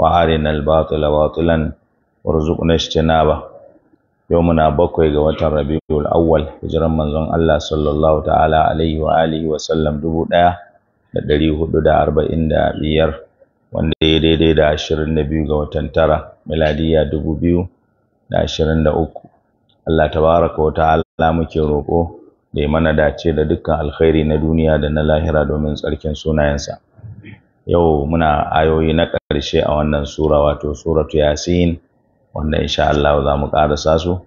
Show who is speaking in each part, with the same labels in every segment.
Speaker 1: وأرنا الباطل باطلا وارزقنا اجتنابه يومنا بكوي غوات الربيع الأول هجرا من زن الله صلى الله تعالى عليه وآله وسلم دبو دا دري هدو دا أربعين دا wanda ya daidai da ashirin da biyu ga watan tara miladiya dubu biyu da ashirin da uku Allah tabaraka wa ta'ala muke roƙo da ya mana dace da dukkan alkhairi na duniya da na lahira domin tsarkin sunayensa yau muna ayoyi na ƙarshe a wannan sura wato suratu yasin wanda insha Allah za mu ƙarasa su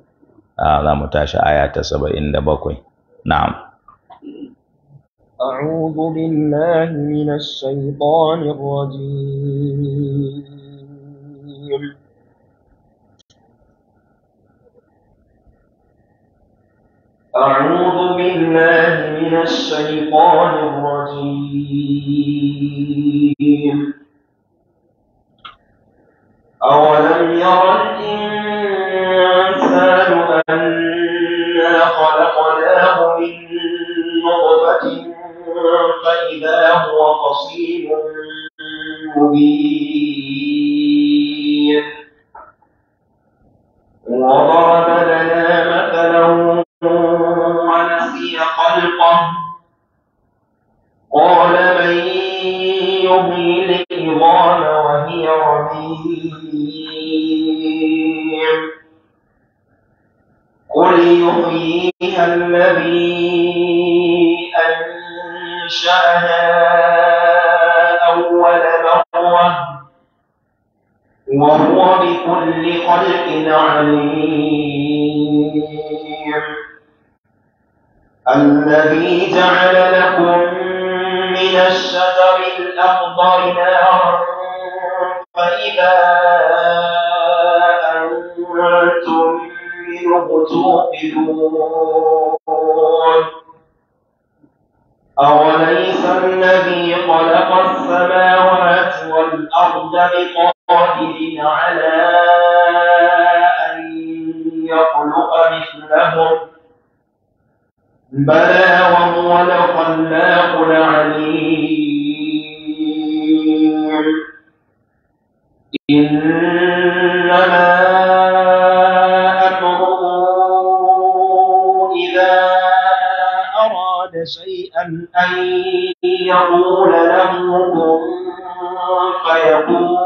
Speaker 1: za mu tashi aya ta saba'in da bakwai na'am
Speaker 2: أعوذ بالله من الشيطان الرجيم أعوذ بالله من الشيطان الرجيم
Speaker 1: أولم ير
Speaker 2: الإنسان أنا خلقناه من نطفة فإذا هو خصيم مبين الأرض بقادر على أن يخلق مثلهم بلى وهو الخلاق العليم إنما إذا أراد شيئا أن يقول له كن certo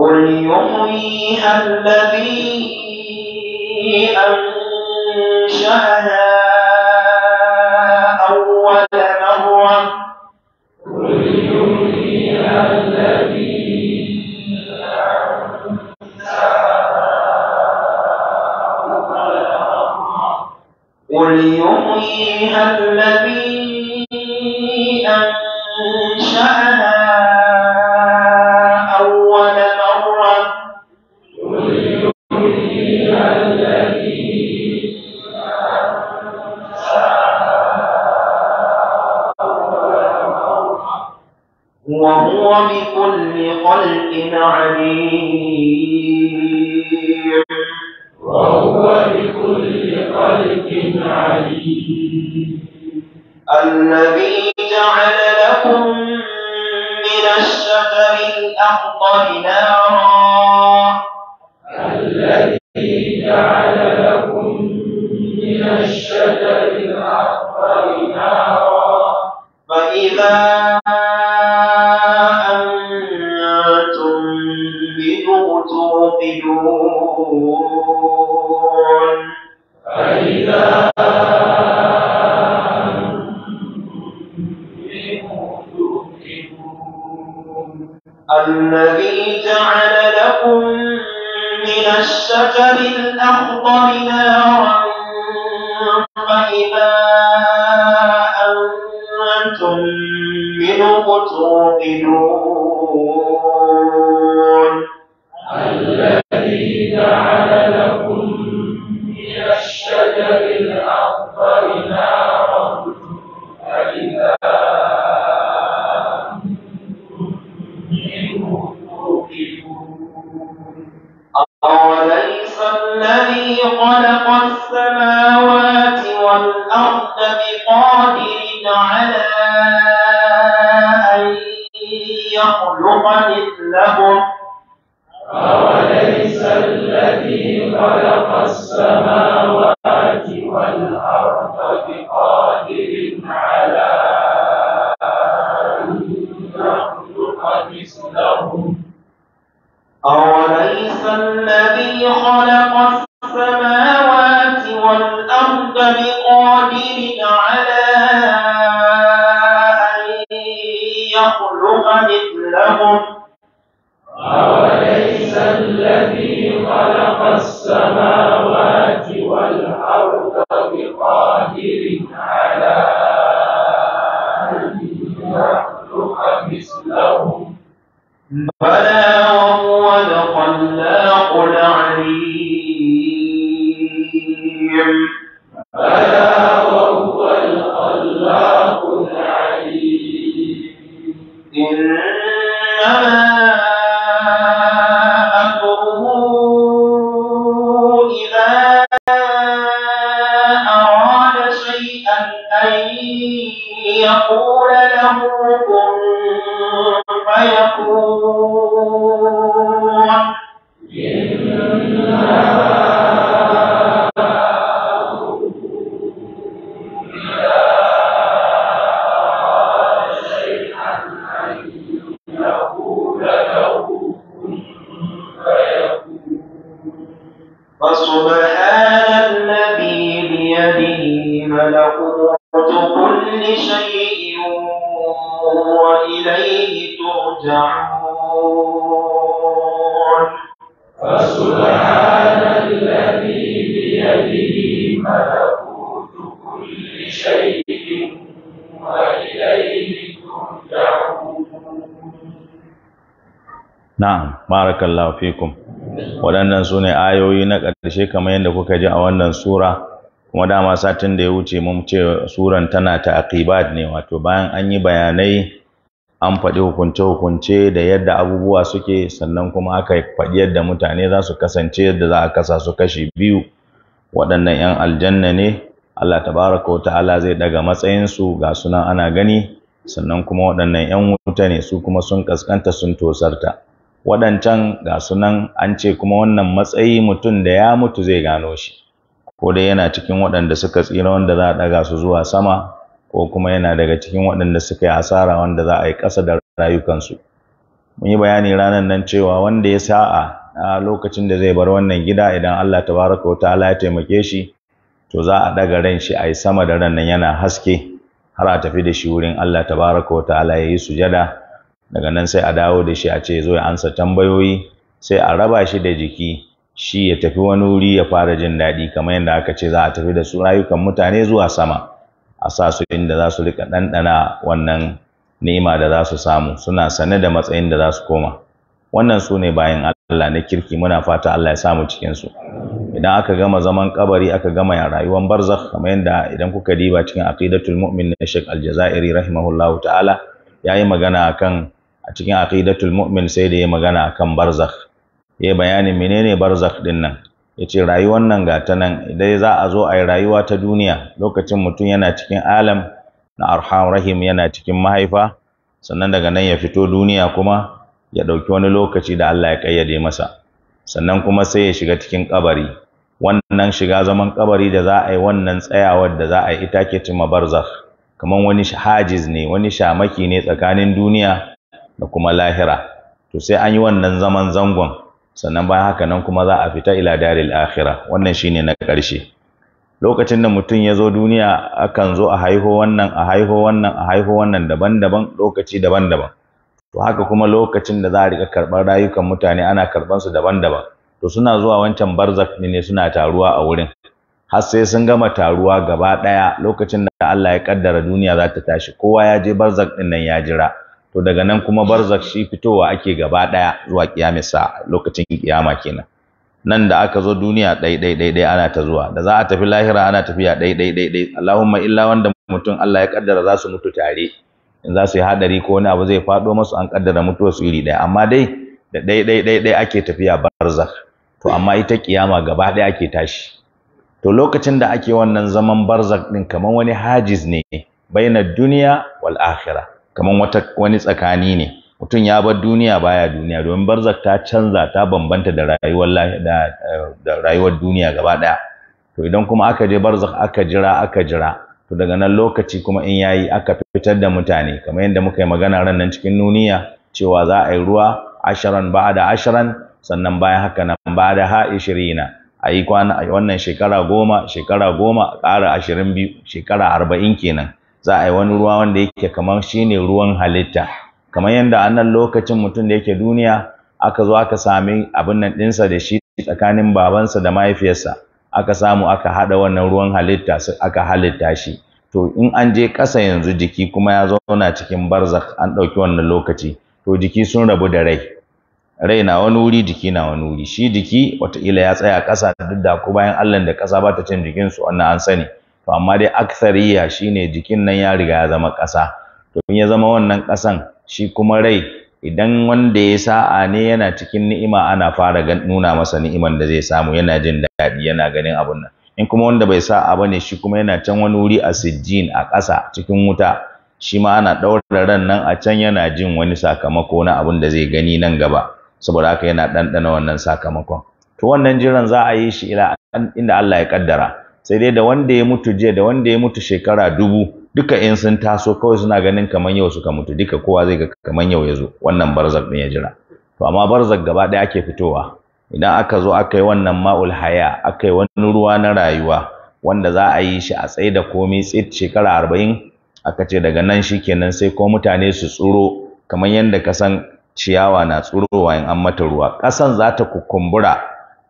Speaker 2: قل يحييها الذي أنشأها أول مرة قل يحييها الذي قل يحييها يخلق مثلهم أوليس الذي خلق السماوات والأرض بقادر على أن يخلق مثلهم بلى
Speaker 1: ƙarshe kamar yadda kuka ji a wannan sura kuma dama satin da ya wuce mun ce suran tana ta aqibat ne wato bayan an yi bayanai an faɗi hukunce-hukunce da yadda abubuwa suke sannan kuma aka faɗi yadda mutane za su kasance yadda za a kasa su kashi biyu waɗannan 'yan aljanna ne Allah tabaraka wa ta'ala zai daga matsayinsu ga sunan ana gani sannan kuma waɗannan 'yan wuta ne su kuma sun kaskanta sun tosarta waɗancan ga sunan an ce kuma wannan matsayi mutum da ya mutu zai gano shi ko dai yana cikin waɗanda suka tsira wanda za a ɗaga su zuwa sama ko kuma yana daga cikin waɗanda suka yi asara wanda za a yi ƙasa da rayukansu mun yi bayani ranar nan cewa wanda ya sa'a a lokacin da zai bar wannan gida idan Allah tabaraka wa ta'ala ya taimake shi to za a ɗaga ran shi a yi sama da ran nan yana haske har a tafi da shi wurin Allah tabaraka wa ta'ala ya yi sujada daga nan sai a dawo da shi a ce zo ya ansa tambayoyi sai a raba shi da jiki shi ya tafi wani wuri ya fara jin daɗi kamar yadda aka ce za a tafi da su rayukan mutane zuwa sama a sa su inda za su rika ɗanɗana wannan ni'ima da za su samu suna sane da matsayin da za su koma wannan su ne bayan Allah na kirki muna fata Allah ya samu cikinsu. idan aka gama zaman kabari aka gama ya rayuwar barzakh kamar yadda idan kuka diba cikin aqidatul mu'min na Sheikh aljazairi jazairi rahimahullahu ta'ala yayi magana akan a cikin aqidatul mu'min sai da ya magana kan barzakh ya bayanin menene barzakh din nan yace rayuwar nan ga ta nan idan za a zo a yi rayuwa ta duniya lokacin mutum yana cikin alam na arham rahim yana cikin mahaifa sannan daga nan ya fito duniya kuma ya ɗauki wani lokaci da Allah ya ƙayyade masa sannan kuma sai ya shiga cikin kabari wannan shiga zaman kabari da za a yi wannan tsayawar da za a yi ita ke cimma barzakh kamar wani hajiz ne wani shamaki ne tsakanin duniya da kuma lahira to sai an yi wannan zaman zangon sannan bayan haka nan kuma za a fita ila daril akhirah wannan shine na ƙarshe lokacin da mutum ya zo duniya akan zo a haiho wannan a haiho wannan a haiho wannan daban-daban lokaci daban-daban to haka kuma lokacin da za a rika karɓar rayukan mutane ana karɓar su daban-daban to suna zuwa wancan barzak ne suna taruwa a wurin har sai sun gama taruwa gaba ɗaya lokacin da Allah ya ƙaddara duniya za ta tashi kowa ya je barzak ɗin nan ya jira to daga nan kuma barzak shi fitowa ake gaba daya zuwa kiyamar sa lokacin kiyama kenan nan da aka zo duniya dai dai dai dai ana ta zuwa da za a tafi lahira ana tafiya dai dai dai dai Allahumma illa wanda mutum Allah ya kaddara za su mutu tare in za su yi hadari ko wani abu zai faɗo masu an kaddara mutuwar su iri ɗaya amma dai da dai dai dai dai ake tafiya barzak to amma ita kiyama gaba ɗaya ake tashi to lokacin da ake wannan zaman barzak ɗin kamar wani hajiz ne bainar duniya wal akhirah kamar wata wani tsakani ne mutum ya bar duniya baya duniya domin barzak ta canza ta bambanta da rayuwar da, da rayuwar duniya gaba daya to idan kuma aka je barzak aka jira aka jira to daga nan lokaci kuma in yayi aka fitar da mutane kamar yadda muka yi magana ran nan cikin nuniya cewa za a yi ruwa asharan da asharan sannan bayan haka nan ba'da ha ishirina a yi kwana wannan shekara goma shekara goma ƙara ashirin biyu shekara arba'in kenan za a yi wani ruwa wanda yake kamar shine ruwan halitta kamar yadda a nan lokacin mutum da yake duniya aka zo aka sami abin nan ɗinsa da shi tsakanin babansa da mahaifiyarsa aka samu aka haɗa wannan ruwan halitta su aka halitta shi to in an je ƙasa yanzu jiki kuma ya zauna cikin barzak an ɗauki wannan lokaci to jiki sun rabu da rai rai na wani wuri jiki na wani wuri shi jiki wataƙila ya tsaya ƙasa duk da ko bayan allah da ƙasa ba ta cin jikinsu wannan an sani to amma dai aksariya shine jikin nan ya riga ya zama ƙasa to in ya zama wannan ƙasan shi kuma rai idan wanda ya sa'a ne yana cikin ni'ima ana fara nuna masa ni'iman da zai samu yana jin daɗi yana ganin abun nan in kuma wanda bai sa'a bane shi kuma yana can wani wuri a sijjin a ƙasa cikin wuta shi ma ana ɗaura ran nan a can yana jin wani sakamako na abun da zai gani nan gaba saboda haka yana ɗanɗana wannan sakamakon to wannan jiran za a yi shi ila inda Allah ya kaddara sai dai da wanda ya mutu jiya da wanda ya mutu shekara dubu duka in sun taso kawai suna ganin kamar yau suka mutu duka kowa zai ga kamar yau ya zo wannan barzak din ya jira to amma barzak gaba ɗaya ake fitowa idan aka zo aka yi wannan ma'ul haya aka yi wani ruwa na rayuwa wanda za a yi shi a tsaye da komai tsit shekara arba'in aka ce daga nan shi kenan sai ko mutane su tsuro kamar yadda ka san ciyawa na tsurowa in an mata ruwa ƙasan za ta kukumbura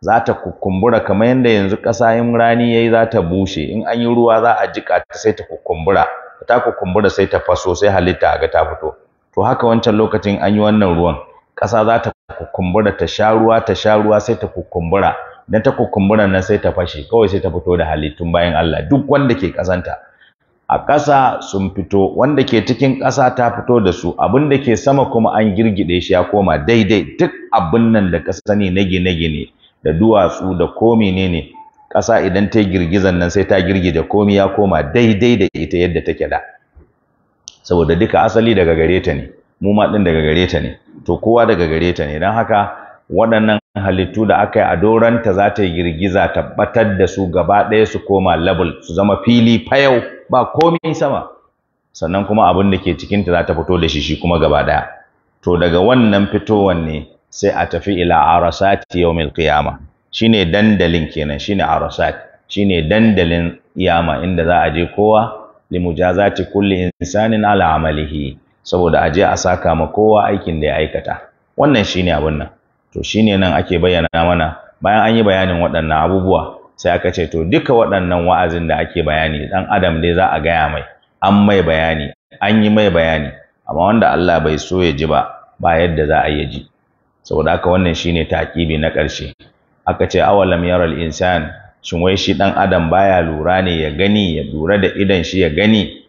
Speaker 1: za ta kukumbura kamar yadda yanzu ƙasa in rani yayi za ta bushe in an yi ruwa za a jiƙa ta sai ta kukumbura ta kukumbura sai ta faso sai halitta ga ta fito to haka wancan lokacin an yi wannan ruwan ƙasa za ta kukumbura ta sha ruwa ta sha ruwa sai ta kukumbura dan ta kukumbura nan sai ta fashe kawai sai ta fito da halittun bayan Allah duk wanda ke ƙasanta a ƙasa sun fito wanda ke cikin ƙasa ta fito da su abin da ke sama kuma an girgide shi ya koma daidai duk abin nan da ka sani na gine-gine da duwatsu da ko menene ƙasa idan ta girgizan nan sai ta girgiza, komi ya koma daidai da ita yadda take da saboda duka asali daga gare ta ne mu ma din daga gare ta ne to kowa daga gare ta ne dan haka waɗannan halittu da aka yi a doranta za ta yi girgiza tabbatar da su gaba ɗaya su koma level su zama fili fayau ba komi sama sannan kuma abin da ke cikin ta za ta fito da shi shi kuma gaba ɗaya to daga wannan fitowan ne sai a tafi ila arasati yawmil qiyama shine dandalin kenan shine arasat shine dandalin kiyama inda za a je kowa mujazati kulli insanin ala amalihi saboda a je a saka ma kowa aikin da ya aikata wannan shine abun nan to shine nan ake bayyana mana bayan an yi bayanin waɗannan abubuwa sai aka ce to duka waɗannan wa'azin da ake bayani dan adam dai za a gaya mai an mai bayani an yi mai bayani amma wanda Allah bai so ya ji ba ba yadda za a yi ji saboda haka wannan shine taqibi na ƙarshe aka ce awalam yaral insan shin wai shi dan adam baya lura ne ya gani ya lura da idan shi ya gani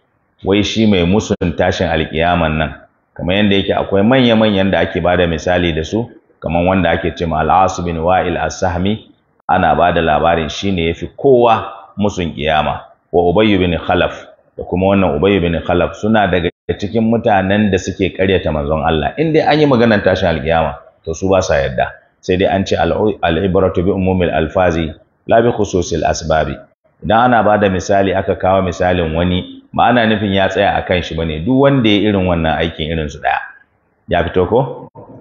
Speaker 1: wai shi mai musun tashin alkiyaman nan kamar yadda yake akwai manya manyan da ake bada misali da su kamar wanda ake ce ma al'as bin wa'il as-sahmi ana bada labarin shine yafi kowa musun kiyama wa ubayy bin khalaf da kuma wannan ubayy bin khalaf suna daga cikin mutanen da suke karyata manzon Allah in dai an yi maganar tashin alkiyama to su ba sa yadda sai dai an ce al'ibratu bi umumil alfazi la bi khususil asbabi idan ana bada misali aka kawo misalin wani ba ana nufin ya tsaya a kan shi bane duk wanda ya irin wannan aikin irin su daya ya fito ko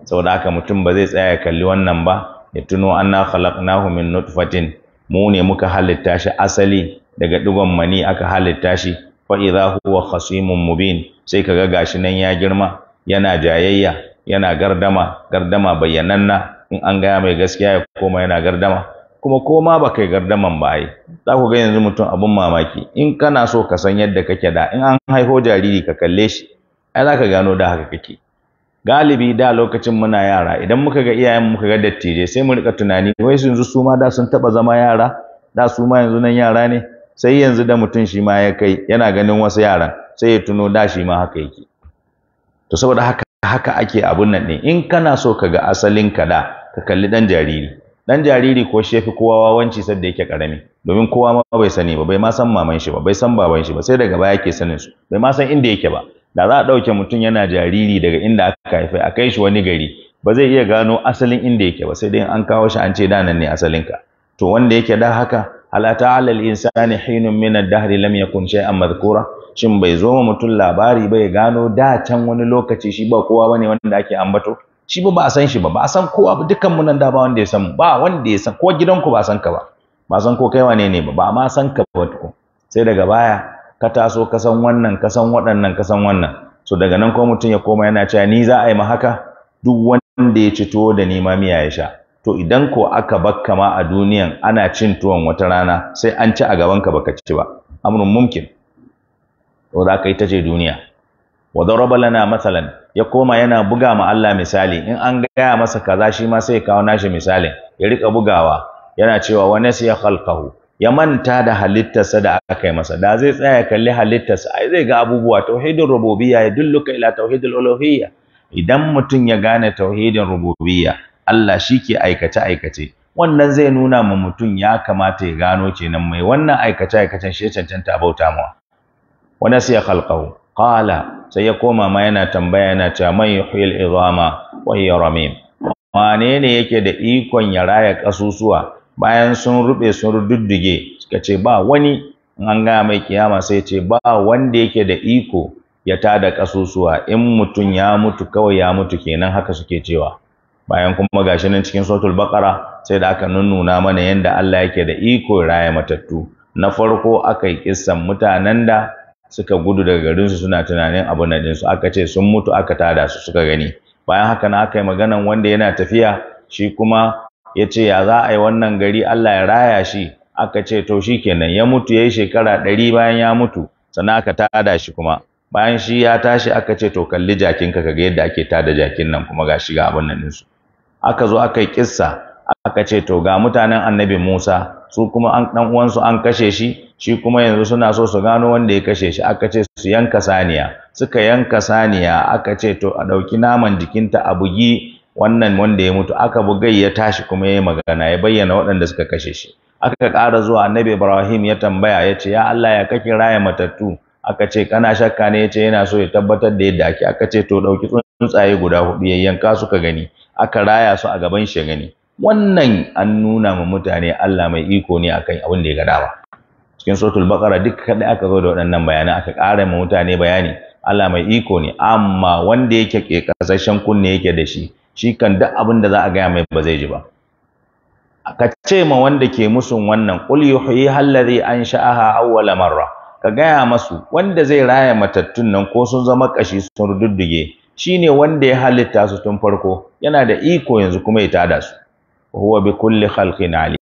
Speaker 1: saboda haka mutum ba zai tsaya ya kalli wannan ba ya tuno anna khalaqnahu min nutfatin mu ne muka halitta shi asali daga digon mani aka halitta shi fa idza huwa khasimun mubin sai kaga gashi nan ya girma yana jayayya yana gardama gardama bayyananna in an gaya mai gaskiya ya koma yana gardama kuma koma ba kai gardaman ba ai za ku ga yanzu mutum abin mamaki in kana so ka san yadda kake da in an haiho jariri ka kalle shi ai za ka gano da haka kake galibi da lokacin muna yara idan muka ga iyayen muka ga dattijai sai mu rika tunani wai yanzu su ma da sun taba zama yara da su ma yanzu nan yara ne sai yanzu da mutum shi ma ya kai yana ganin wasu yaran sai ya tuno da shi ma haka yake to saboda haka haka ake abun nan ɗin in kana so ka ga asalin ka da ka kalli ɗan jariri ɗan jariri ko shi fi kowa wawanci sadda yake ƙarami domin kowa ma bai sani ba bai ma san maman shi ba bai san baban shi ba sai daga baya yake sanin su bai ma san inda yake ba da za a ɗauke mutum yana jariri daga inda aka haife a kai shi wani gari ba zai iya gano asalin inda yake ba sai dai an kawo shi an ce da nan ne asalin ka to wanda yake da haka ala ta'ala al-insani hinun min ad-dahri lam yakun shay'an madhkura shin bai zo ma mutum labari ba ya gano da can wani lokaci shi ba kowa bane wanda ake ambato shi ba ba a san shi ba ba a san kowa ba dukkan mu nan da ba wanda ya san ba wanda ya san ko gidanku ba san ka ba ba san ko kai wane ne ba ba ma san ka ba ko sai daga baya ka taso ka san wannan ka san waɗannan ka san wannan so daga nan ko mutum ya koma yana cewa ni za a yi ma haka duk wanda ya ci tuwo da ni ma miya ya sha to idan ko aka bakka ma a duniyan ana cin tuwon wata rana sai an ci a gaban ka baka ci ba amrun mumkin to za ka ita ce duniya wa daraba lana masalan ya koma yana buga ma Allah misali in an gaya masa kaza shi ma sai kawo nashi misalin ya rika bugawa yana cewa wa nasiya khalqahu ya manta da halittarsa da aka yi masa da zai tsaya ya kalli halittarsa ai zai ga abubuwa tauhidin rububiyya ya dulluka ila tauhidul uluhiyya idan mutum ya gane tauhidin rububiyya Allah shi ke aikace aikace wannan zai nuna ma mutum ya kamata ya gano kenan mai wannan aikace aikacen shi ya cancanta bauta mawa wa nasiya khalqahu qala sai ya koma ma yana tambaya yana cewa man yuhil idama wa hiya ramim wane ne yake da ikon ya raya kasusuwa bayan sun rube sun rududduge suka ce ba wani in an ga mai kiyama sai ce ba wanda yake da iko ya tada kasusuwa in mutum ya mutu kawai ya mutu kenan haka suke cewa bayan kuma gashi nan cikin suratul baqara sai da aka nunnuna mana yanda Allah yake da iko raya matattu na farko aka yi kissan mutanen da suka gudu daga su suna tunanin abu na dinsu aka ce sun mutu aka tada su suka gani bayan haka na aka yi maganan wanda yana tafiya shi kuma ya ce ya za a yi wannan gari Allah ya raya shi aka ce to shi kenan ya mutu ya yi shekara ɗari bayan ya mutu sannan aka tada shi kuma bayan shi ya tashi aka ce to kalli jakin ka ga yadda ake tada jakin nan kuma ga shiga abin nan dinsu aka zo aka yi kissa aka ce to ga mutanen annabi Musa su kuma an dan uwansu an kashe shi shi kuma yanzu suna so su gano wanda ya kashe shi aka ce su yanka saniya suka yanka saniya aka ce to a ɗauki naman jikinta a bugi wannan wanda ya mutu aka bugai ya tashi kuma ya yi magana ya bayyana waɗanda suka kashe shi aka ƙara zuwa annabi ibrahim ya tambaya ya ce ya allah ya kake raya matattu aka ce kana shakka ne ya ce yana so ya tabbatar da yadda ake aka ce to ɗauki tsuntsaye guda hudu yanka suka gani aka raya su a gaban shi gani wannan an nuna ma mutane allah mai iko ne akan abin da ya ga dawa. cikin suratul baqara duk kadai aka zo da waɗannan bayanan aka ƙara ma mutane bayani Allah mai iko ne amma wanda yake ƙasashen kunne yake da shi shi kan duk abin da za a gaya mai ba zai ji ba ka ce ma wanda ke musun wannan qul yuhyi an ansha'aha awwala marra ka gaya masu wanda zai raya matattun nan ko sun zama kashi sun rududduge ne wanda ya halitta su tun farko yana da iko yanzu kuma ya tada su huwa bi kulli khalqin ali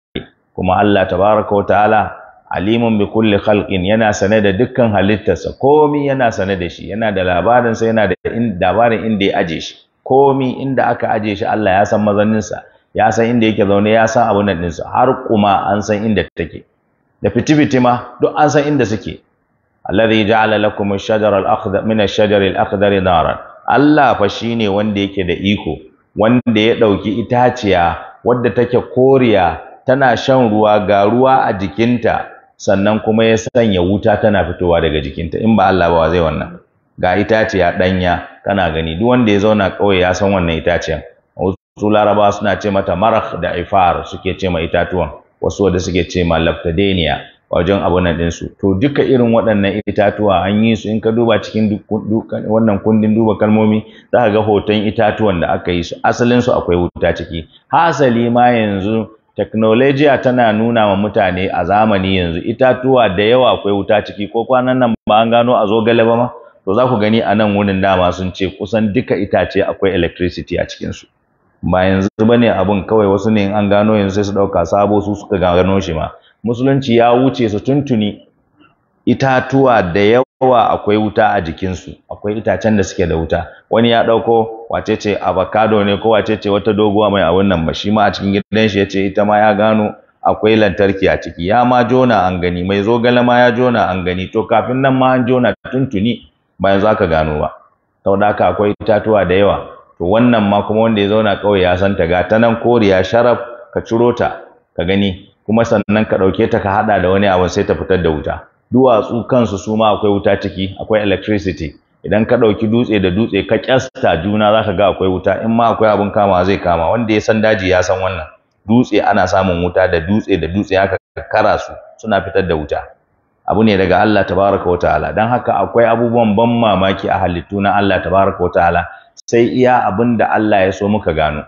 Speaker 1: kuma Allah tabaraka wa ta'ala alimun bi kulli khalqin yana sane da dukkan halittarsa komi yana sane da shi yana da labarin sa yana da labarin inda ya aje shi komi inda aka aje shi Allah ya san mazanin ya san inda yake zaune ya san abun nan har kuma an san inda take da fitibiti ma duk an san inda suke alladhi ja'ala lakum ash-shajara al-akhdar min ash-shajari al-akhdari naran Allah fa shine wanda yake da iko wanda ya dauki itaciya wadda take koriya tana shan ruwa ga ruwa a jikinta sannan kuma ya sanya wuta tana fitowa daga jikinta in ba Allah ba zai wannan ga itaciya danya kana gani duk wanda ya zauna kauye ya san wannan itaciyan wasu laraba suna ce mata marakh da ifar suke ce ma itatuwan wasu wanda suke ce ma lactadenia wajen abunan ɗinsu to duka irin waɗannan itatuwa an yi su in ka duba cikin wannan kundin duba kalmomi za ka ga hoton itatuwan da aka yi su asalin su akwai wuta ciki hasali ma yanzu Teknolojiya tana nuna wa mutane a zamani yanzu itatuwa da yawa akwai wuta ciki ko kwanan nan ba an gano a zo galaba ma to za ku gani a nan wurin dama sun ce kusan duka itace akwai electricity a cikinsu ba yanzu ba ne abin kawai wasu ne an gano yanzu sai su ɗauka sabo su suka gano shi ma musulunci ya wuce su tuntuni itatuwa da yawa yawa akwai wuta a jikinsu akwai itacen da suke da wuta wani ya ɗauko wacece ce avocado ne ko wace wata doguwa mai abin nan ba shi ma a cikin gidan shi ya ce ita ma ya gano akwai lantarki a ciki ya ma jona an gani mai zogale ma ya jona an gani to kafin nan ma an jona tuntuni bayan za ka gano ba sau da haka akwai itatuwa da yawa to wannan ma kuma wanda ya zauna kawai ya san ta ga ta nan koriya sharaf ka ciro ta ka gani kuma sannan ka ɗauke ta ka haɗa da wani abu sai ta fitar da wuta duwatsu kansu su ma akwai wuta ciki akwai electricity idan ka ɗauki dutse da dutse ka kyasta juna zaka ga akwai wuta in ma akwai abun kama zai kama wanda ya san daji ya san wannan dutse ana samun wuta da dutse da dutse haka kara su suna fitar da wuta abu ne daga Allah tabaraka wa ta'ala dan haka akwai abubuwan ban mamaki a halittu na Allah tabaraka wa ta'ala sai iya abin da Allah ya so muka gano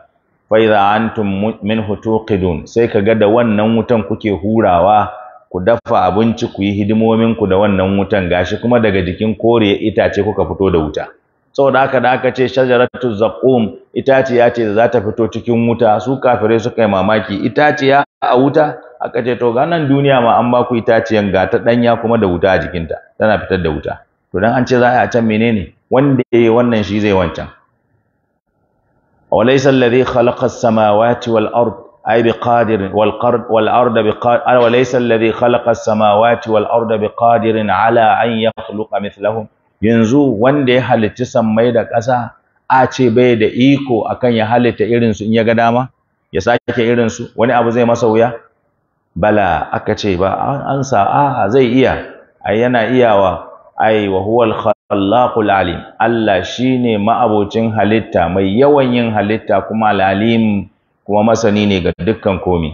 Speaker 1: fa idza antum minhu tuqidun sai kaga da wannan wutan kuke hurawa ku dafa abinci ku yi hidimomin ku da wannan wutan gashi kuma daga jikin kore itace kuka fito da wuta saboda haka da aka ce shajaratu zaqum itaciya ce za ta fito cikin wuta su kafirai suka yi mamaki itaciya a wuta aka ce to ga nan duniya ma an ba ku itaciyan ga ta danya kuma da wuta a jikinta tana fitar da wuta to dan an ce za a can menene wanda yayi wannan shi zai wancan awalaysa alladhi khalaqa as-samawati wal أي بقادر والقرد والأرض بقادر وليس الذي خلق السماوات والأرض بقادر على أن يخلق مثلهم yanzu wanda ya halitta sammai da ƙasa a ce bai da iko akan ya halitta irinsu in ya ga dama ya sake irinsu wani abu zai masa wuya bala aka ce ba an sa a zai iya ai yana iyawa ai wa huwal khallaqul alim Allah shine ma'abocin halitta mai yawan yin halitta kuma al kuma masani ne ga dukkan komi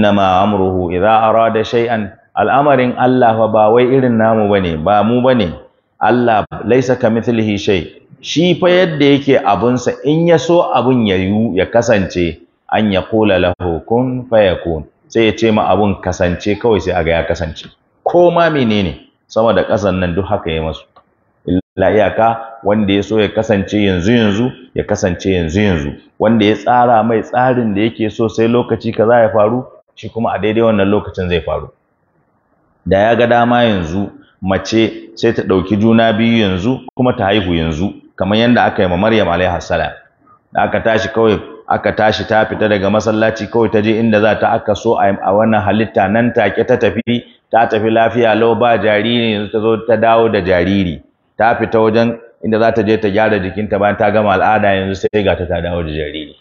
Speaker 1: ma amruhu idza arada shay'an al'amarin Allah fa ba wai irin namu bane ba mu bane Allah laisa kamithlihi shay shi fa yadda yake abunsa in ya so abun ya yu ya kasance an ya qula lahu kun fayakun sai ya ce ma abun kasance kawai sai aga ya kasance ko ma menene sama da ƙasan nan duk haka ya masu la iyaka wanda ya so ya kasance yanzu yanzu ya kasance yanzu yanzu wanda ya tsara mai tsarin da yake so sai lokaci za ya faru shi kuma a daidai wannan lokacin zai faru da ya ga dama yanzu mace sai ta ɗauki juna biyu yanzu kuma ta haihu yanzu kamar yadda aka yi ma Maryam alaiha salam da aka tashi kawai aka tashi ta fita daga masallaci kawai ta je inda za ta aka so a wannan halitta nan take ta tafi ta tafi lafiya lau ba jariri yanzu ta zo ta dawo da jariri ta fita wajen inda za ta je ta gyara jikinta bayan ta gama al'ada yanzu sai ga ta dawo da jariri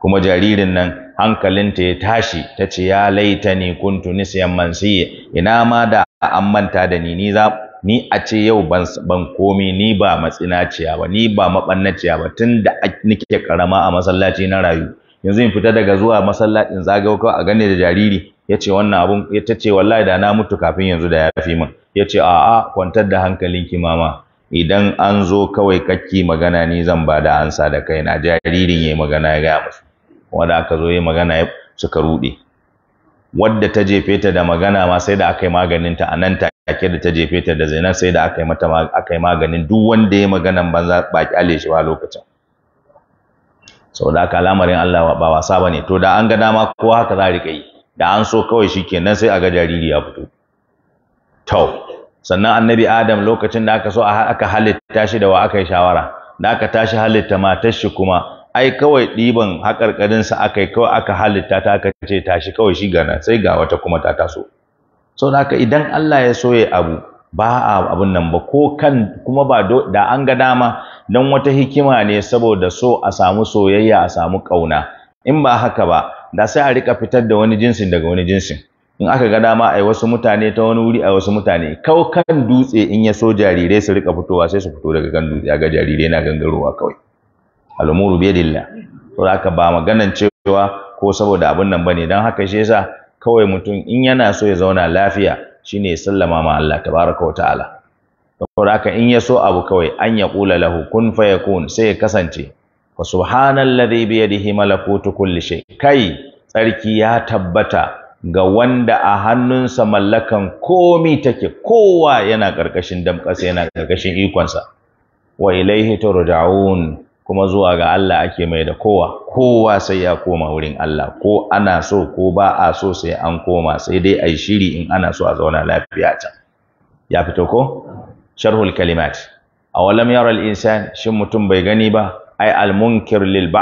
Speaker 1: kuma jaririn nan hankalinta ya tashi ta ce ya laita ni kuntu nisyan ya. ina ma da an manta da ni ni a ce yau ban ban komi ni ba matsinaciya ba ni ba mabannaciya ba tunda nake karama a masallaci na rayu yanzu in fita daga zuwa masallacin zagawa a gane da jariri ya ce wannan abun ta ce wallahi da na mutu kafin yanzu da ya fi min ya ce a kwantar da hankalinki mama idan an zo kawai kakki magana ni zan ba da ansa da kai na jaririn yayi magana ya gaya musu kuma da aka zo yayi magana suka rude wadda ta jefe ta da magana ma sai da aka yi maganin ta anan take da ta jefe ta da zainab sai da aka yi mata aka yi maganin duk wanda yayi maganan banza ba kyale shi ba lokacin saboda haka al'amarin Allah ba wasa bane to da an ga dama kowa haka za a rika yi da an so kawai shi ke nan sai a ga jariri ya fito to sannan annabi adam lokacin da aka so aka halitta shi da wa aka yi shawara da aka tashi halitta matar shi kuma ai kawai ɗiban haƙarƙarinsa aka yi kawai aka halitta ta aka ce tashi kawai shi gana sai ga wata kuma ta taso so da idan Allah ya soye abu ba a abun nan ba ko kan kuma ba da an ga dama don wata hikima ne saboda so a samu soyayya a samu ƙauna in ba haka ba da sai a rika fitar da wani jinsin daga wani jinsin in aka ga dama ai wasu mutane ta wani wuri a wasu mutane kau kan dutse in ya so jarirai su rika fitowa sai su fito daga kan dutse ga jarirai na gangarowa kawai al'umuru biyadillah to haka ba maganan cewa ko saboda abin nan bane dan haka shi yasa kawai mutum in yana so ya zauna lafiya shine ya sallama ma Allah tabaraka wa ta'ala saboda haka in ya so abu kawai an ya kula lahu kun fayakun sai ya kasance wa subhanalladhi bi yadihi malakutu kulli shay kai tsarki ya tabbata ga wanda a hannunsa mallakan komi take kowa yana karkashin damƙasa yana karkashin ikonsa wa ilaihi turja'un kuma zuwa ga Allah ake mai da kowa kowa sai ya koma wurin Allah ko ana so ko ba a so sai an koma sai dai ai shiri in ana so a zauna lafiya can ya fito ko sharhul kalimat awalam yara al-insan shin mutum bai gani ba ai al-munkir lil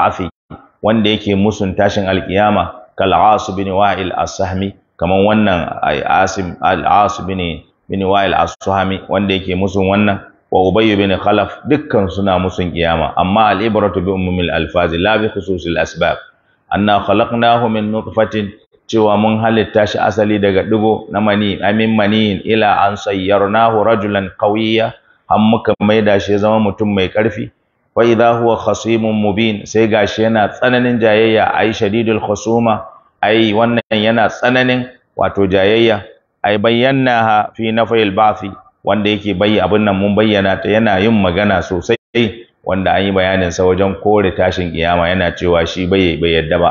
Speaker 1: wanda yake musun tashin alkiyama kal asu bin wa'il as-sahmi kaman wannan asim al asu bin wa'il as-sahmi wanda yake musun wannan wa bin khalaf dukkan suna musun kiyama amma al-ibratu bi umumil alfazi la bi khususil asbab anna khalaqnahu min nutfatin cewa mun halitta shi asali daga digo na mani amin ila an sayyarnahu rajulan qawiyya an muka maida shi zama mutum mai karfi wa idza huwa khasimun mubin sai gashi yana tsananin jayayya ai shadidul khusuma ai wannan yana tsananin wato jayayya ai bayyanaha fi nafil ba'thi wanda yake bayi abin nan mun bayyana ta yana yin magana sosai wanda an yi bayanin sa wajen kore tashin kiyama yana cewa shi bai bai yadda ba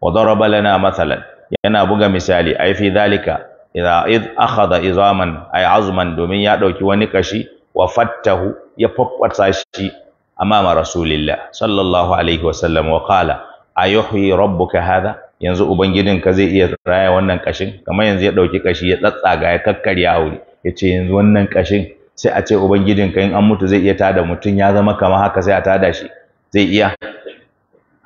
Speaker 1: wa daraba lana mathalan yana buga misali ai fi dhalika idza id akhadha izaman ai azman domin ya dauki wani kashi wa fattahu ya faffasa shi amama rasulillah sallallahu alaihi wasallam wa qala ayuhyi rabbuka hadha yanzu ka zai iya raya wannan kashin kamar yanzu ya dauki kashi ya tsatsaga ya kakkarya aure yace yanzu wannan kashin sai a ce ka in an mutu zai iya tada mutum? ya zama kamar haka sai a tada shi zai iya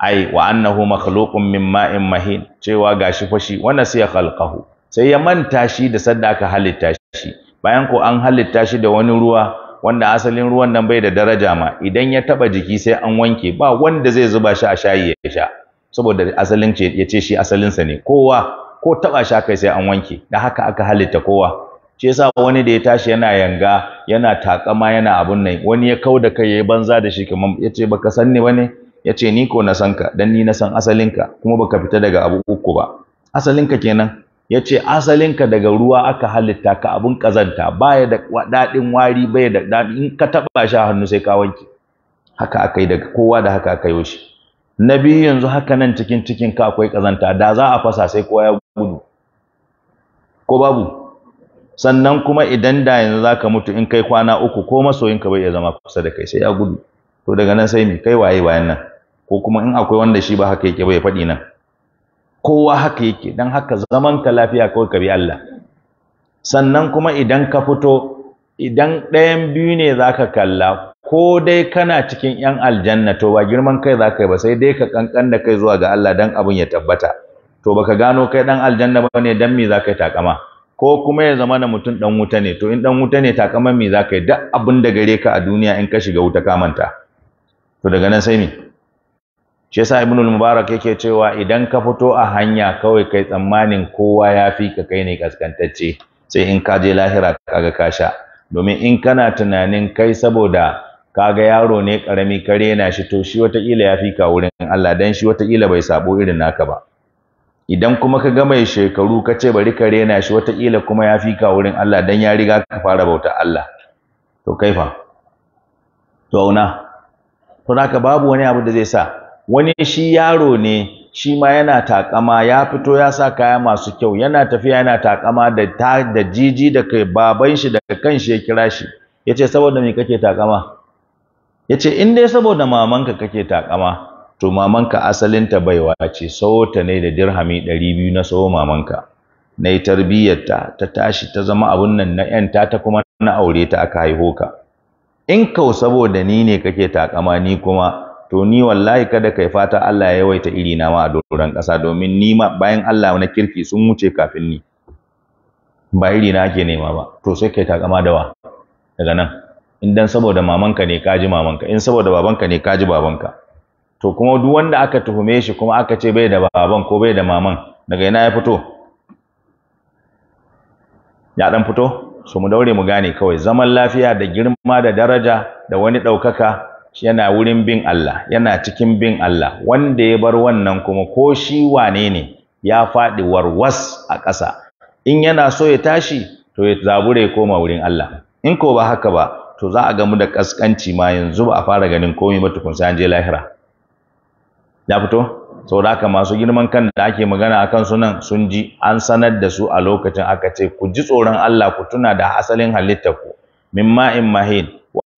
Speaker 1: ai wa annahu makhluqun min ma'in mahin cewa gashi fashi wannan sai ya khalqahu sai ya manta shi da sadda aka halitta shi bayan ko an halitta shi da wani ruwa wanda asalin ruwan nan bai da daraja ma idan ya taba jiki sai an wanke ba wanda zai zuba shi a shayi ya sha saboda asalin ce ya ce shi asalinsa ne kowa ko taba sha kai sai an wanke da haka aka halitta kowa shi yasa wani da ya tashi yana yanga yana takama yana abun nan wani ya kauda kai yayi banza da shi kamar ce baka san ni bane ce ni ko na san ka dan ni na san asalinka kuma baka fita daga abu uku ba Asalin asalinka kenan ya ce asalinka daga ruwa aka halitta ka abin ƙazanta baya da daɗin wari baya da daɗin in ka taɓa shi hannu sai ka wanke haka aka yi daga kowa da haka aka yi shi na biyu yanzu haka nan cikin cikin ka akwai ƙazanta da za a fasa sai kowa ya gudu ko babu sannan kuma idan da yanzu za ka mutu in kai kwana uku ko masoyinka bai iya zama kusa da kai sai ya gudu to daga nan sai mi kai waye bayan nan ko kuma in akwai wanda shi ba haka yake bai faɗi nan kowa haka yake don haka zaman ka lafiya kawai ka bi Allah sannan kuma idan ka fito idan ɗayan biyu ne za ka kalla ko dai kana cikin 'yan aljanna to ba girman kai za ka yi ba sai dai ka ƙanƙan da kai zuwa ga Allah don abin ya tabbata to ba ka gano kai ɗan aljanna ba ne don me za ka yi takama ko kuma ya zama na mutum ɗan wuta ne to in ɗan wuta ne takaman me za ka yi duk abin da gare ka a duniya in ka shiga wuta ka manta to daga nan sai me shi yasa ibn mubarak yake cewa idan ka fito a hanya kawai kai tsammanin kowa ya fi ka kai ne kaskantacce sai in ka je lahira kaga ka sha domin in kana tunanin kai saboda kaga yaro ne karami kare na shi to shi wataƙila ya fi ka wurin Allah dan shi wataƙila bai sabo irin naka ba idan kuma ka ga mai shekaru ka ce bari kare na shi wataƙila kuma ya fi ka wurin Allah dan ya riga ka fara bauta Allah to kaifa to auna to naka babu wani abu da zai sa wani shi yaro ne shi ma yana takama ya fito ya sa kaya masu kyau yana tafiya yana takama da ta da jiji da kai baban shi da shi ya kira shi yace saboda me kake takama yace in dai saboda mamanka kake takama to mamanka asalinta baiwa ce ta ne da dirhami ɗari biyu na sawo mamanka na yi tarbiyyarta ta tashi ta zama abun nan na yanta ta kuma na aure ta aka haiho ka in kau saboda ni ne kake takama ni kuma to ni wallahi kada kai fata Allah ya yawaita iri na ma a doron ƙasa domin ni ma bayan Allah na kirki sun wuce kafin ni ba iri na ake nema ba to sai kai takama dawa daga nan in dan saboda mamanka ne kaji mamanka in saboda babanka ne kaji babanka to kuma duk wanda aka tuhume shi kuma aka ce bai da baban ko bai da maman daga ina ya fito ya dan fito so mu daure mu gane kawai zaman lafiya da girma da daraja da wani ɗaukaka yana wurin bin Allah yana cikin bin Allah wanda ya bar wannan kuma ko shi wane ne ya faɗi warwas a ƙasa in yana so ya tashi to ya zabure ya koma wurin Allah in ko ba haka ba to za a gamu da ƙasƙanci ma yanzu ba a fara ganin komai ba tukun sai an je lahira ya fito saboda haka masu girman kan da ake magana a kan sunan sun ji an sanar da su a lokacin aka ce ku ji tsoron Allah ku tuna da asalin halittar ku min ma'in mahin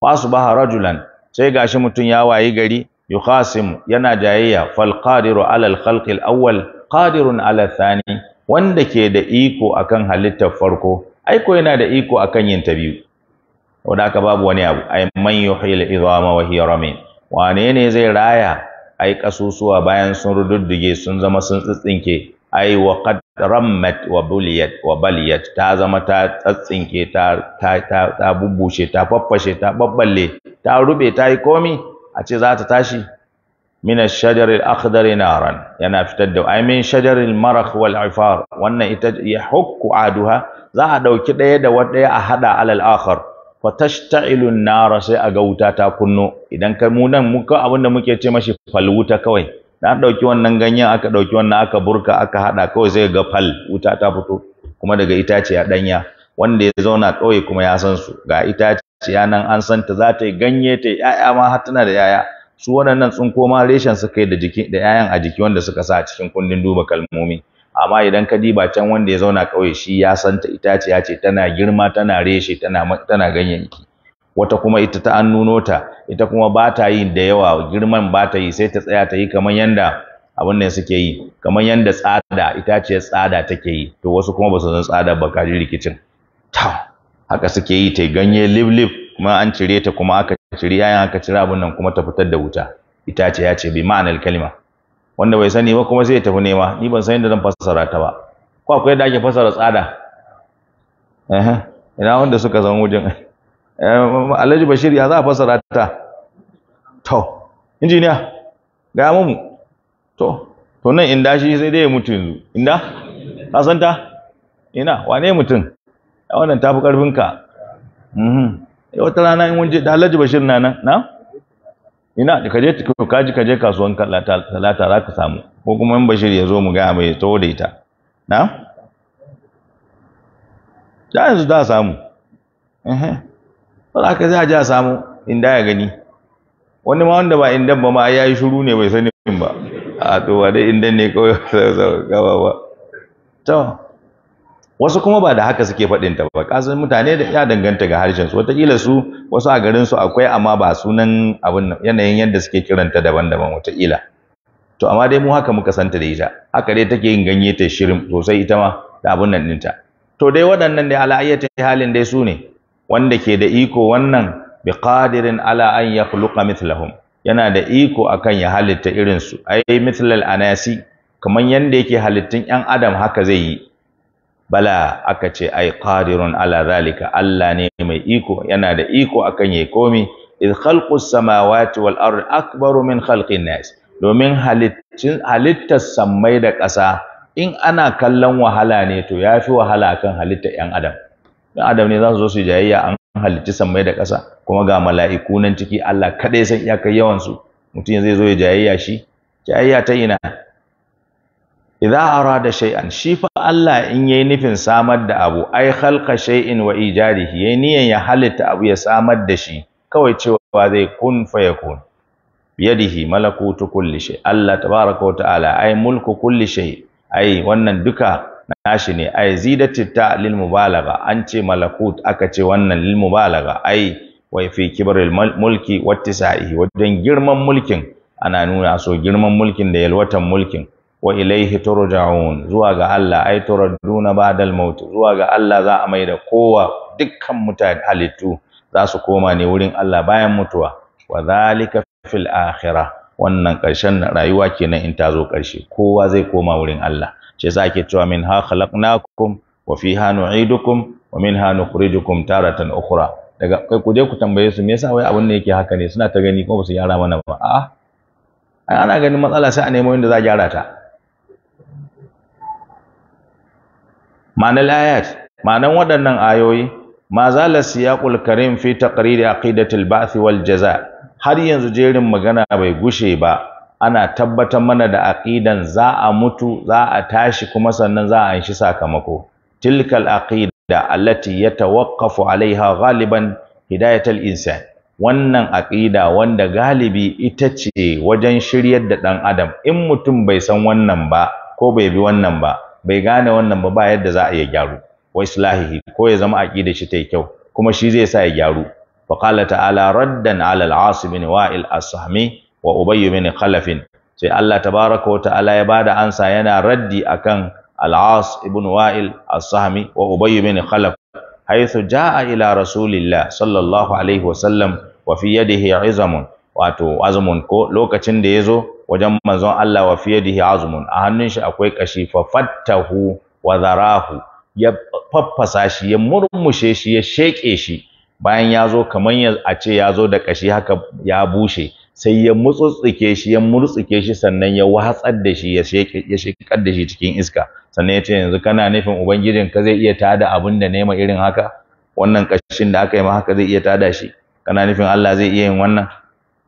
Speaker 1: Wasu ba rajulan sai gashi mutum ya wayi gari yukhasim yana jayayya fal qadiru ala al khalqi al awwal qadirun ala thani wanda ke da iko akan halittar farko aiko yana da iko akan yin ta biyu wanda aka babu wani abu Ai man yuhil idama wa hiya ramin wane ne zai raya ai kasusuwa bayan sun rududdige sun zama sun tsitsinke ai wa qad rammat wa buliyat wa baliyat ta zama ta tsatsinke ta ta ta, ta bubbushe ta faffashe ta babballe ta rube ta yi komi a ce za ta tashi min ash-shajaril akhdari naran yana fitar da ai min shajaril marakh wal ifar wannan ita ya hukku aduha za a dauki daya da wadaya a hada alal akhar fa tashta'ilu an-nar sai a ga wuta ta kunno idan ka mu nan muka abinda muke ce mashi falwuta kawai da an ɗauki wannan ganyen aka ɗauki wannan aka burka aka haɗa kawai sai ga fal wuta ta fito kuma daga itaciya ɗanya wanda ya zauna ƙauye kuma ya san su ga itaciya nan an san ta za ta yi ganye ta yi ‘ya'ya ma har tana da ‘ya'ya su waɗannan sun koma reshen suka yi da jiki da ‘ya'yan a jiki wanda suka sa cikin kundin duba kalmomi amma idan ka diba can wanda ya zauna ƙauye shi ya san ta itaciya ce tana girma tana reshe tana tana ki wata kuma ita ta an nuno ta ita kuma ba ta yi da yawa girman ba ta yi sai ta tsaya ta yi kamar yanda abin da suke yi kamar yanda tsada ita ce tsada take yi to wasu kuma ba su san tsada ba kaji rikicin ta haka suke yi ta ganye lif lif kuma an cire ta kuma aka cire yayin aka cire abin nan kuma ta fitar da wuta ce ya ce bi ma'anar kalima wanda bai sani ba kuma sai ya tafi nema ni ban san yadda zan fassara ta ba ko akwai yadda ake fassara tsada eh ina wanda suka zama wajen Eh, Alhaji Bashir ya za a fassara ta to injiniya ga mu to to nan inda shi sai dai mutu yanzu inda ka san ta ina wane mutum a wannan tafi karfin ka mhm eh, wata rana in wunje da Alhaji Bashir na nan na ina da kaje ka kaji kaje kasuwan talata za ka samu ko kuma in Bashir ya zo mu ga mai to da ita na da yanzu da samu eh Wala aka za a ja samu inda ya gani wani ma wanda ba inda ba ma ya yi shuru ne bai sani ba a to ba dai inda ne kawai gaba ba to wasu kuma ba da haka suke faɗin ta ba kasan mutane da ya danganta ga harshen su wataƙila su wasu a garin su akwai amma ba sunan abin yanayin yadda suke kiranta daban-daban wataƙila to amma dai mu haka muka santa da ita haka dai take yin ganye ta shirin sosai ita ma da abin nan ɗinta to dai waɗannan dai ala'ayyatin halin dai su ne wanda ke da iko wannan bi qadirin ala an yakhluqa mithlahum yana da iko akan ya halitta irin su ai mithlal anasi kaman yanda yake halittun yan adam haka zai yi bala aka ce ai qadirun ala zalika Allah ne mai iko yana da iko akan yayi komi iz khalqus samawati wal ardi akbaru min khalqin nas domin halittar sammai da ƙasa in ana kallon wahala ne to yafi wahala akan halitta yan adam dan adam ne za su zo su jayayya an halicci sammai da ƙasa kuma ga mala'iku nan ciki Allah kadai san iyakar yawan su mutum zai zo ya jayayya shi jayayya ta ina idza arada shay'an shi fa Allah in yayi nufin samar da abu ai khalqa shay'in wa ijadihi yayi niyan ya halitta abu ya samar da shi kawai cewa zai kun fa yakun biyadihi malakutu kulli shay Allah tabaaraka wa ta'ala ai mulku kulli shay ai wannan duka nashi ne ai zidati ta lil mubalagha an ce malakut aka ce wannan lil mubalagha ai wai fi kibril mulki wattisa'ihi wajen girman mulkin ana nuna so girman mulkin da yalwatan mulkin wa ilaihi turja'un zuwa ga Allah ai turaduna ba'dal maut zuwa ga Allah za a maida kowa dukkan mutane halittu za su koma ne wurin Allah bayan mutuwa wa zalika fil akhirah wannan ƙarshen rayuwa kenan in ta zo ƙarshe kowa zai koma wurin Allah shi yasa ake cewa min ha khalaqnakum wa fiha nu'idukum wa minha nukhrijukum taratan ukhra daga kai ku je ku tambaye su me yasa wai abin ne yake haka ne suna ta gani kuma ba su gyara mana ba a'a ai ana ganin matsala sai a nemo inda za a gyara ta ma'anar ayat ma'anar waɗannan ayoyi ma zala siyaqul karim fi taqrir aqidatil ba'th wal jaza har yanzu jerin magana bai gushe ba ana tabbatar mana da aqidan za a mutu za a tashi kuma sannan za a yi shi sakamako tilkal aqida allati yatawaqqafu alaiha ghaliban hidayatul insan wannan aqida wanda galibi ita ce wajen shiryar da dan adam in mutum bai san wannan ba ko bai bi wannan ba bai gane wannan ba ba yadda za a iya gyaru wa islahihi ko ya zama aqida shi ta kyau kuma shi zai sa ya gyaru fa qala ta'ala raddan ala al-asim bin wa'il as wa ubayyu bin khalafin sai Allah tabaraka wa ta'ala ya bada ansa yana raddi akan al-As ibn Wa'il as-Sahmi wa Ubay bin Khalaf haythu jaa ila Rasulillah sallallahu alaihi sallam wa fi yadihi izamun wato azmun ko lokacin da yazo wajen manzon Allah wa fi yadihi azmun a hannun shi akwai kashi fa fattahu wa zarahu ya faffasa shi ya murmushe shi ya sheke shi bayan ya zo ya a ce ya zo da kashi haka ya bushe sai ya mutsutsike shi ya murtsuke shi sannan ya watsar da shi ya shekar da shi cikin iska sannan ya ce yanzu kana nufin ubangijin ka zai iya tada abin da nema irin haka wannan kashin da aka yi ma haka zai iya tada shi kana nufin Allah zai iya yin wannan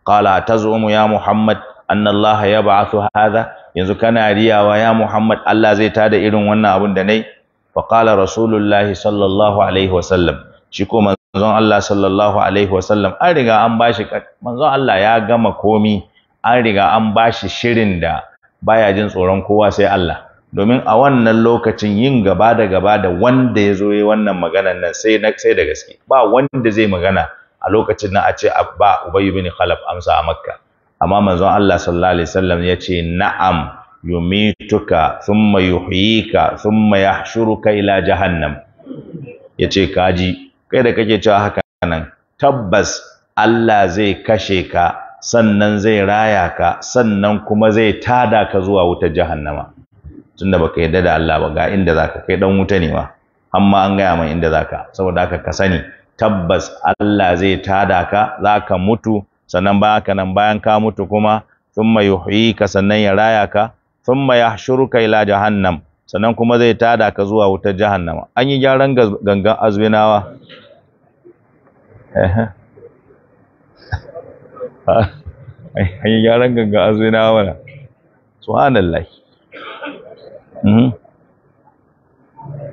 Speaker 1: qala tazumu ya muhammad anna Allah yab'athu hadha yanzu kana riyawa ya muhammad Allah zai tada irin wannan abin da nayi fa qala rasulullahi sallallahu alaihi wasallam shi ko manzon Allah sallallahu alaihi wasallam an riga an bashi manzon Allah ya gama komi an riga an bashi shirin da baya jin tsoron kowa sai Allah domin a wannan lokacin yin gaba da gaba da wanda ya zo yi wannan maganan nan sai na sai da gaske ba wanda zai magana a lokacin na a ce ba Ubayyu bin Khalaf amsa a Makka amma manzon Allah sallallahu alaihi wasallam ya ce na'am yumituka thumma yuhyika thumma yahshuruka ila jahannam yace kaji kai da kake cewa haka nan tabbas Allah zai kashe ka sannan zai raya ka sannan kuma zai tada ka zuwa wutar jahannama tunda baka yarda da Allah ba ga inda zaka kai dan wuta ne ma amma an gaya mai inda zaka saboda haka ka sani tabbas Allah zai tada ka zaka mutu sannan bayan ka nan bayan ka mutu kuma thumma yuhyi ka sannan ya raya ka thumma yahshuruka ila jahannam sannan kuma zai tada ka zuwa wutar jahannama an yi gyaran gangan azminawa an yi gyaran gangan azminawa mana subhanallahi mhm.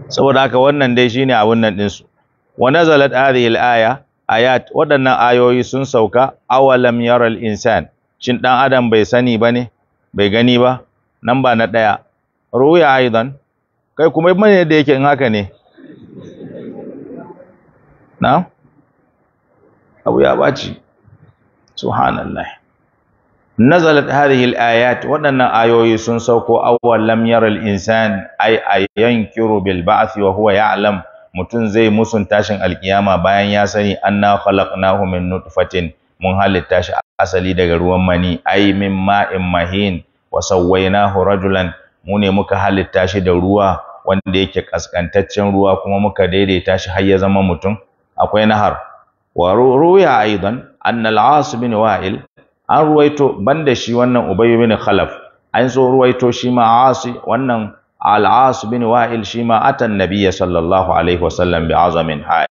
Speaker 1: saboda haka wannan dai shi ne abin nan din su zalat nazalat hadhihi al-aya ayat waɗannan ayoyi sun sauka awalam yaral insan cin ɗan adam bai sani ba ne bai gani ba nan ba na ɗaya ruya aidan kai kuma ibn ne da yake in haka ne na abu ya baci subhanallah nazalat hadhihi al wadannan ayoyi sun sauko awwal lam yara al-insan ay ayankiru bil ba'th wa huwa ya'lam mutun zai musunta tashin alkiyama bayan ya sani anna khalaqnahu min nutfatin mun halitta shi asali daga ruwan mani ay min ma'in mahin wa sawwaynahu rajulan mu ne muka halitta shi da ruwa wanda yake kaskantaccen ruwa kuma muka daidaita shi har ya zama mutum akwai nahar wa ruya aidan anna al aas bin wa'il an ruwaito banda shi wannan ubay bin khalaf an so ruwaito shi ma asi wannan al aas bin wa'il shi ma atan nabiyya sallallahu alaihi wasallam bi azamin hay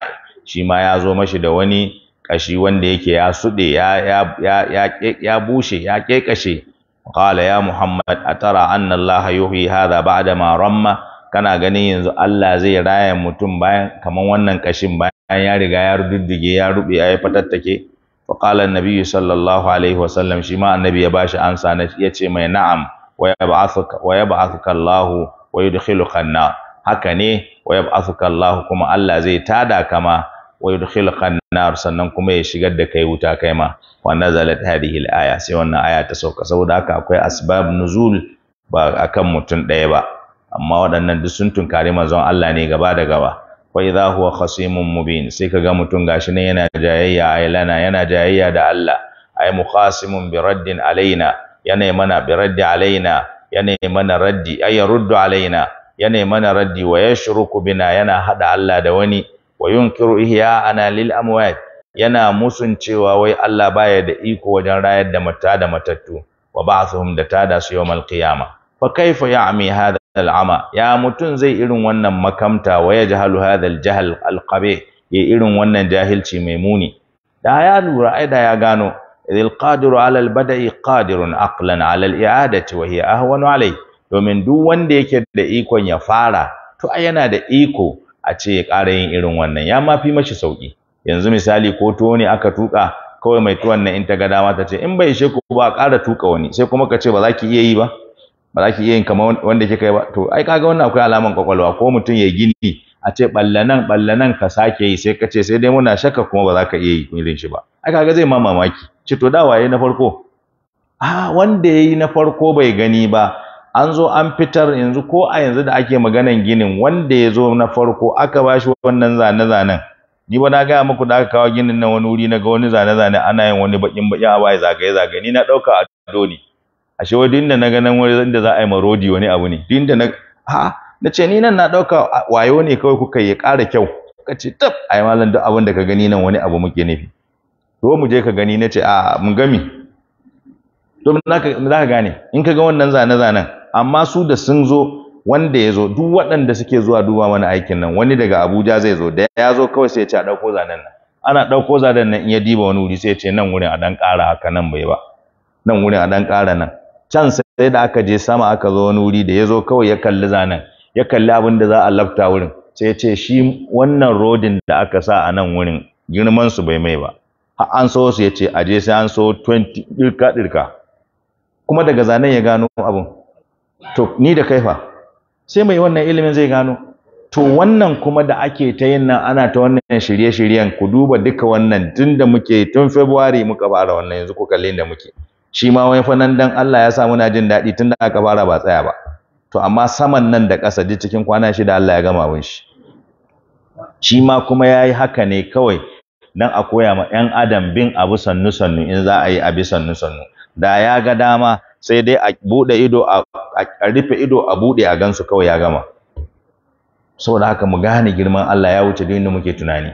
Speaker 1: shi ma ya zo mashi da wani kashi wanda yake ya sude ya ya ya ya bushe ya kekashe qala ya muhammad atara anna allaha yuhyi hadha ba'da ma ramma kana ganin yanzu Allah zai raya mutum bayan kaman wannan kashin bayan ya riga ya rududdige ya rube ya fatattake fa qala sallallahu alaihi wasallam shi ma annabi ya bashi ansa na yace mai na'am wa yab'athuka wa yab'athuka Allahu wa yudkhiluka an haka ne wa yab'athuka Allah kuma Allah zai tada kama Wai yudkhilka sannan kuma ya shigar da kai wuta kai ma wa nazalat hadhihi al-aya sai wannan aya ta sauka saboda haka akwai asbab nuzul ba akan mutum ɗaya ba amma waɗannan duk sun tunkari manzon Allah ne gaba da gaba wa idha huwa khasimun mubin sai kaga mutum gashi ne yana jayayya ai lana yana jayayya da Allah ai mukhasimun bi raddin alaina yana mana bi raddi alaina yana mana raddi ay yaruddu alaina yana mana raddi wa yashruku bina yana hada Allah da wani wa yunkiru ana lil amwat yana musun cewa wai Allah baya da iko wajen rayar da mata da matattu wa ba'thuhum da tada su yawmal qiyama fa kaifa ya'mi hadha al ya mutun zai irin wannan makamta wa yajhalu hadha al jahl al qabih ya irin wannan jahilci mai muni da ya lura ai da ya gano idil qadiru ala al bada'i qadirun aqlan ala al i'adati wa hiya ahwanu alayhi domin duk wanda yake da ikon ya fara to ai yana da iko a ce ya ƙara yin irin wannan ya ma fi mashi sauƙi yanzu misali ko tuwo ne aka tuƙa kawai mai tuwon nan in ta ga dama ta ce in bai ishe ku ba ƙara tuƙa wani sai kuma ka ce ba za ki iya yi ba ba za ki iya yin kamar wanda kika yi ba to ai kaga wannan akwai alaman kwakwalwa ko mutum ya gini a ce ɓalla nan ɓalla nan ka sake yi sai ka ce sai dai muna shakka kuma ba za ka iya yi irin shi ba ai kaga zai ma mamaki ce to da waye na farko a wanda ya yi na farko bai gani ba an zo an fitar yanzu ko a yanzu da ake maganan ginin wanda ya zo na farko aka ba shi wannan zane-zanen ni ba na gaya muku da aka kawo ginin na wani wuri na ga wani zane-zane ana yin wani bakin bakin a baya zagaye-zagaye ni na ɗauka a ado ne ashe wai duk na ga nan wani inda za a yi marodi wani abu ne duk na ha na ce ni nan na ɗauka wayo ne kawai kuka yi ƙara kyau ka ce tab ai malam duk abin da ka gani nan wani abu muke nufi to mu je ka gani na ce a mun gami to za ka gane in ka ga wannan zane-zanen amma su da sun zo wanda ya zo duk waɗanda suke zuwa duba mana aikin nan wani daga abuja zai zo da ya zo kawai sai ya ce a ɗauko zanen nan ana ɗauko zanen nan in ya diba wani wuri sai ya ce nan wurin a ɗan ƙara haka nan bai ba nan wurin a ɗan ƙara nan can sai da aka je sama aka zo wani wuri da ya zo kawai ya kalli zanen ya kalli abin da za a lafta wurin sai ya ce shi wannan rodin da aka sa a nan wurin girman su bai mai ba har an so su ya ce a je sai an so 20 ɗirka ɗirka kuma daga zanen ya gano abin to ni da kaifa sai mai wannan ilimin zai gano to wannan kuma da ake ta yin nan ana ta wannan shirye-shiryen ku duba duka wannan tun da muke tun February muka fara wannan yanzu ku kalle da muke shi ma wani fa nan dan Allah ya sa muna jin daɗi tun da aka fara ba tsaya ba to amma saman nan da ƙasa duk cikin kwana shida Allah ya gama mun shi shi ma kuma yayi haka ne kawai dan a koya ma 'yan adam bin abu sannu-sannu in za a yi abi sannu-sannu da ya ga dama sai dai a buɗe ido a rufe ido a buɗe a gansu kawai ya gama saboda haka mu gane girman Allah ya wuce duk inda muke tunani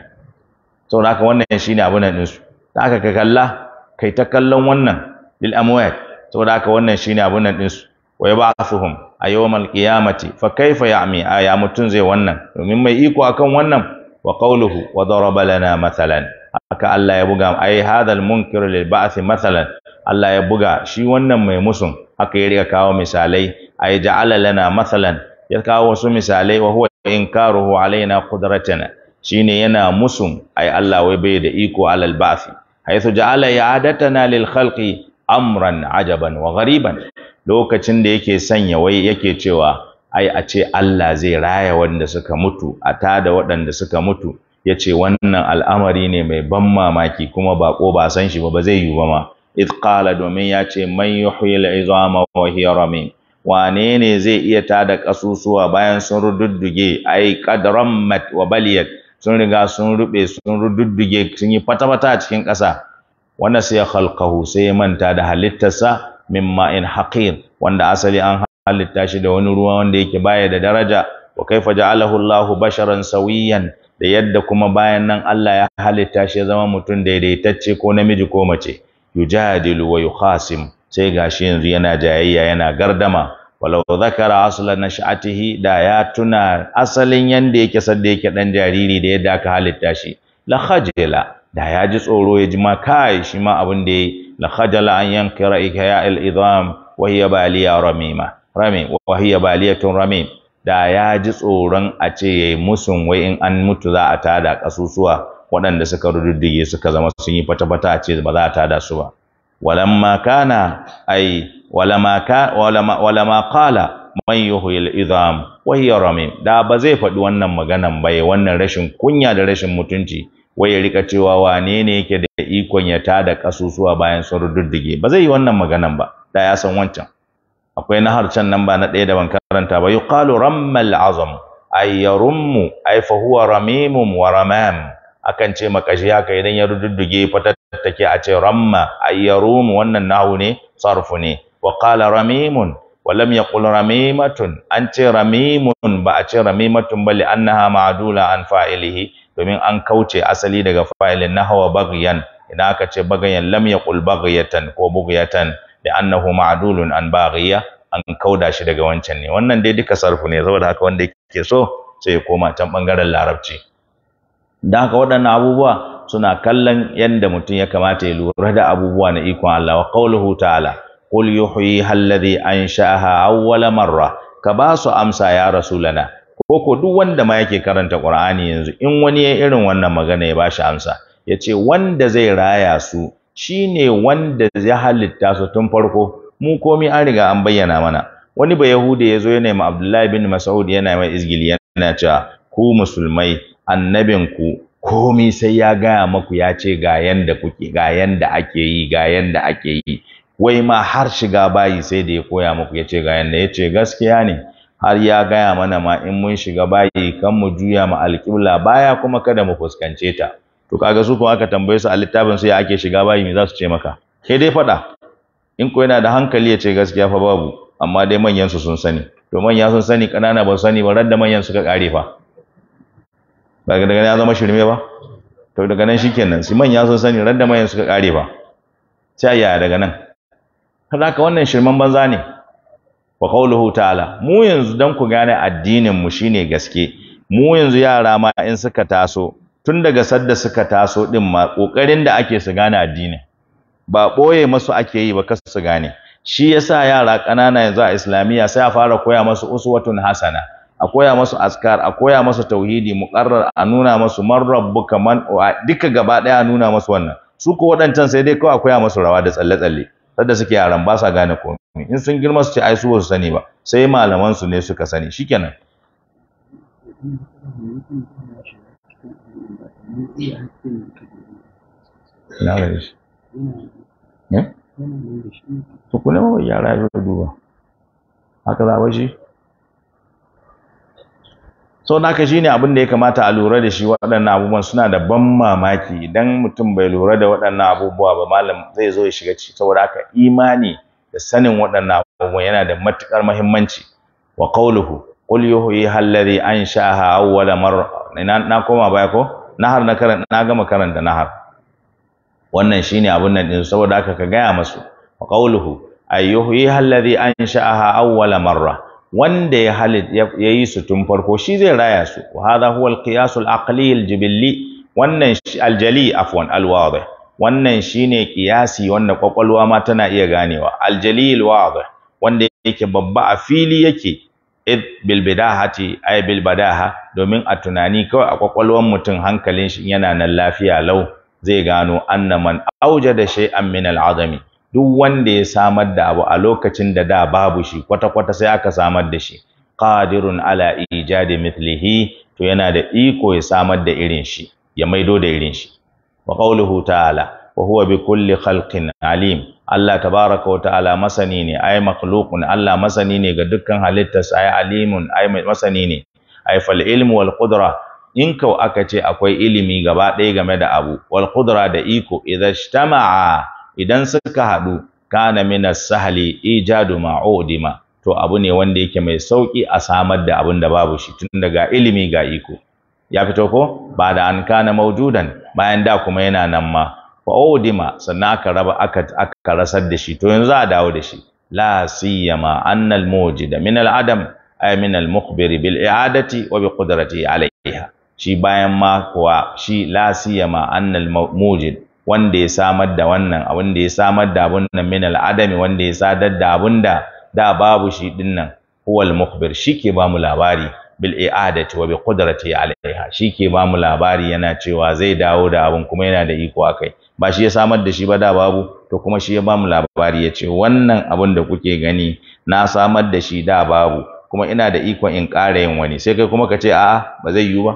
Speaker 1: saboda haka wannan shine abin nan ɗinsu da haka ka kalla kai ta kallon wannan lil amwat saboda haka wannan shine abin nan ɗinsu wa yab'athuhum a yawmal qiyamati fa kaifa ya'mi aya mutun zai wannan domin mai iko akan wannan wa qawluhu wa daraba lana mathalan haka Allah ya buga ai hadha munkir lil ba'th mathalan Allah ya buga shi wannan mai musun aka yi riga kawo misalai ay ja'ala lana mathalan ya kawo wasu misalai wa huwa inkaruhu alaina qudratana shine yana musun ay Allah wai bai da iko alal ba'thi haythu ja'ala i'adatana lil khalqi amran ajaban wa ghariban lokacin da yake sanya wai yake cewa ai a ce Allah zai raya wanda suka mutu a da waɗanda suka mutu yace wannan al'amari ne mai ban mamaki kuma ko ba san shi ba ba zai yi ba ma idh qala domin ya ce man yuhyil izama wa hiya ramin. wane ne zai iya tada kasusuwa bayan sun rududduge ai qadram mat wa baliyat sun riga sun rube sun rududduge sun yi fata-fata a cikin ƙasa wannan sai khalqahu sai manta da halittarsa mimma in haqir wanda asali an halitta shi da wani ruwa wanda yake baya da daraja wa kaifa ja'alahu Allahu basharan sawiyan da yadda kuma bayan nan Allah ya halitta shi ya zama mutum daidaitacce ko namiji ko mace yujadilu wa yukhasim sai gashi yanzu yana jayayya yana gardama walau zakara asla nash'atihi da ya tuna asalin yanda yake sadda yake dan jariri da yadda aka halitta shi la khajala da ya ji tsoro ya ji ma kai shi ma abin da la khajala an yankira ikya al idam wa hiya baliya ramima rami wa hiya baliyatun ramim da ya ji tsoron a ce yayi musun wai in an mutu za a tada kasusuwa waɗanda suka rududdige suka zama sun yi fata-fata a ce ba za a tada su ba walamma kana ai walama ka man yuhyil idham da ba zai faɗi wannan maganan ba ya wannan rashin kunya da rashin mutunci wai ya rika cewa wane ne yake da ikon ya tada kasusuwa bayan sun rududdige ba zai yi wannan maganan ba da ya san wancan akwai na harcen nan ba na ɗaya da ban karanta ba kalu rammal azam ay ramimun wa ramam akan ce makashi haka idan ya rududduge fatattake a ce ramma ay wannan nahu ne sarfu ne wa qala ramimun wa lam yaqul ramimatun an ce ramimun ba a ce ramimatun ba li'annaha ma'dula an fa'ilihi domin an kauce asali daga fa'ilin nahwa baghyan idan aka ce baghyan lam yaqul baghyatan ko bughyatan li'annahu ma'dulun an baghiya an kauda shi daga wancan ne wannan dai duka sarfu ne saboda haka wanda yake so sai ya koma can bangaren larabci don haka waɗannan abubuwa suna kallon yadda mutum ya kamata ya lura da abubuwa na ikon Allah wa qawluhu ta'ala qul yuhyi alladhi ansha'aha awwala marra ka ba su amsa ya rasulana ko ko duk wanda ma yake karanta Qur'ani yanzu in wani ya irin wannan magana ya bashi amsa Ya ce wanda zai raya su shine wanda ya halitta su tun farko mu komi an riga an bayyana mana wani ba yahude ya zo yi ma Abdullahi bin Mas'ud yana ma izgili yana cewa ku musulmai annabinku komi sai ya gaya maku ya ce ga yanda kuke ga yanda ake yi ga yanda ake yi wai ma har shiga bayi sai da ya koya maku ya ce ga yanda ya ce gaskiya ne har ya gaya mana ma in mun shiga bayi kan mu juya ma alƙibla baya kuma kada mu fuskance ta to kaga su kuma aka tambaye su a littafin su ake shiga bayi me za su ce maka ke dai faɗa in ko yana da hankali ya ce gaskiya fa babu amma dai manyan su sun sani to manya sun sani ƙanana ba sani ba radda manyan suka ƙare fa daga daga ya zama shirme ba to daga nan shikenan siman ya sun sani ran da mayan suka kare ba sai ya daga nan haka wannan shirman banza ne wa qawluhu ta'ala mu yanzu dan ku gane addinin mu shine gaske mu yanzu yara ma in suka taso tun daga sadda suka taso din ma kokarin da ake su gane addinin ba ɓoye masu ake yi ba kasu su gane shi yasa yara ƙanana yanzu a islamiyya sai a fara koya masu uswatun hasana a koya masu askar a koya masu tauhidi muqarrar a nuna masu man rabbuka man duka gaba daya a nuna masu wannan su ko wadancan sai dai kawai a koya masu rawa da tsalle tsalle sadda suke yaran ba sa gane komai in sun girma su ce ai su ba su sani ba sai malaman su ne suka sani shikenan shi eh? kenan. duba. Haka za a shi? so naka shine abin da ya kamata a lura da shi waɗannan abubuwan suna da ban mamaki idan mutum bai lura da waɗannan abubuwa ba malam zai zo ya shiga ciki saboda haka imani da sanin waɗannan abubuwan yana da matuƙar muhimmanci wa qawluhu qul yuhyi An ansha'aha awwala marra na koma baya ko nahar na karanta na gama karanta nahar wannan shine abun nan din saboda haka ka gaya masu wa qawluhu ayyuhyi alladhi ansha'aha awwala marra wanda ya halit ya yi su tun farko shi zai raya su wa hada huwa al-qiyas al-aqli al-jibilli wannan al-jali afwan al-wadih wannan shine kiyasi wanda kwakwalwa ma tana iya ganewa al-jali al wanda yake babba a fili yake id bil bidahati ay bil badaha domin a tunani kawai a kwakwalwan mutum hankalin shi yana nan lafiya lau zai gano annaman man aujada shay'an min al-azami duk wanda ya samar da abu a lokacin da da babu shi kwata-kwata sai aka samar da shi qadirun ala ijadi mithlihi to yana da iko ya samar da irin shi ya maido da irin shi wa qawluhu ta'ala wa huwa bi kulli khalqin alim Allah tabaraka wa ta'ala masani ne ay makhluqun Allah masani ne ga dukkan halittarsa ay alimun ay masani ne ay fal ilmu wal qudra in kau aka ce akwai ilimi gaba ɗaya game da abu wal qudra da iko idza ijtama'a idan suka haɗu kana mina sahali ijadu ma'udima to abu ne wanda yake mai sauki a samar da abin da babu shi tun daga ilimi ga iko ya fito ko ba da an kana maujudan bayan da kuma yana nan ma fa udima sannan aka raba aka aka rasar da shi to yanzu a dawo da shi la siyama annal mujida min al adam ay min al mukhbir bil i'adati wa bi qudratihi alayha shi bayan ma kuwa shi la siyama annal mujid wanda ya samar da wannan abin da ya samar da abun nan min al'adami wanda ya sadar da abun da da babu shi din nan huwal mukhbir shike ba mu labari bil i'adati wa bi qudrati alaiha shike ba mu labari yana cewa zai dawo da abun kuma yana da iko akai ba shi ya samar da shi ba da babu to kuma shi ya ba mu labari ya ce wannan abun da kuke gani na samar da shi da babu kuma ina da iko in ƙara yin wani sai kai kuma ka ce a'a ba zai yiwu ba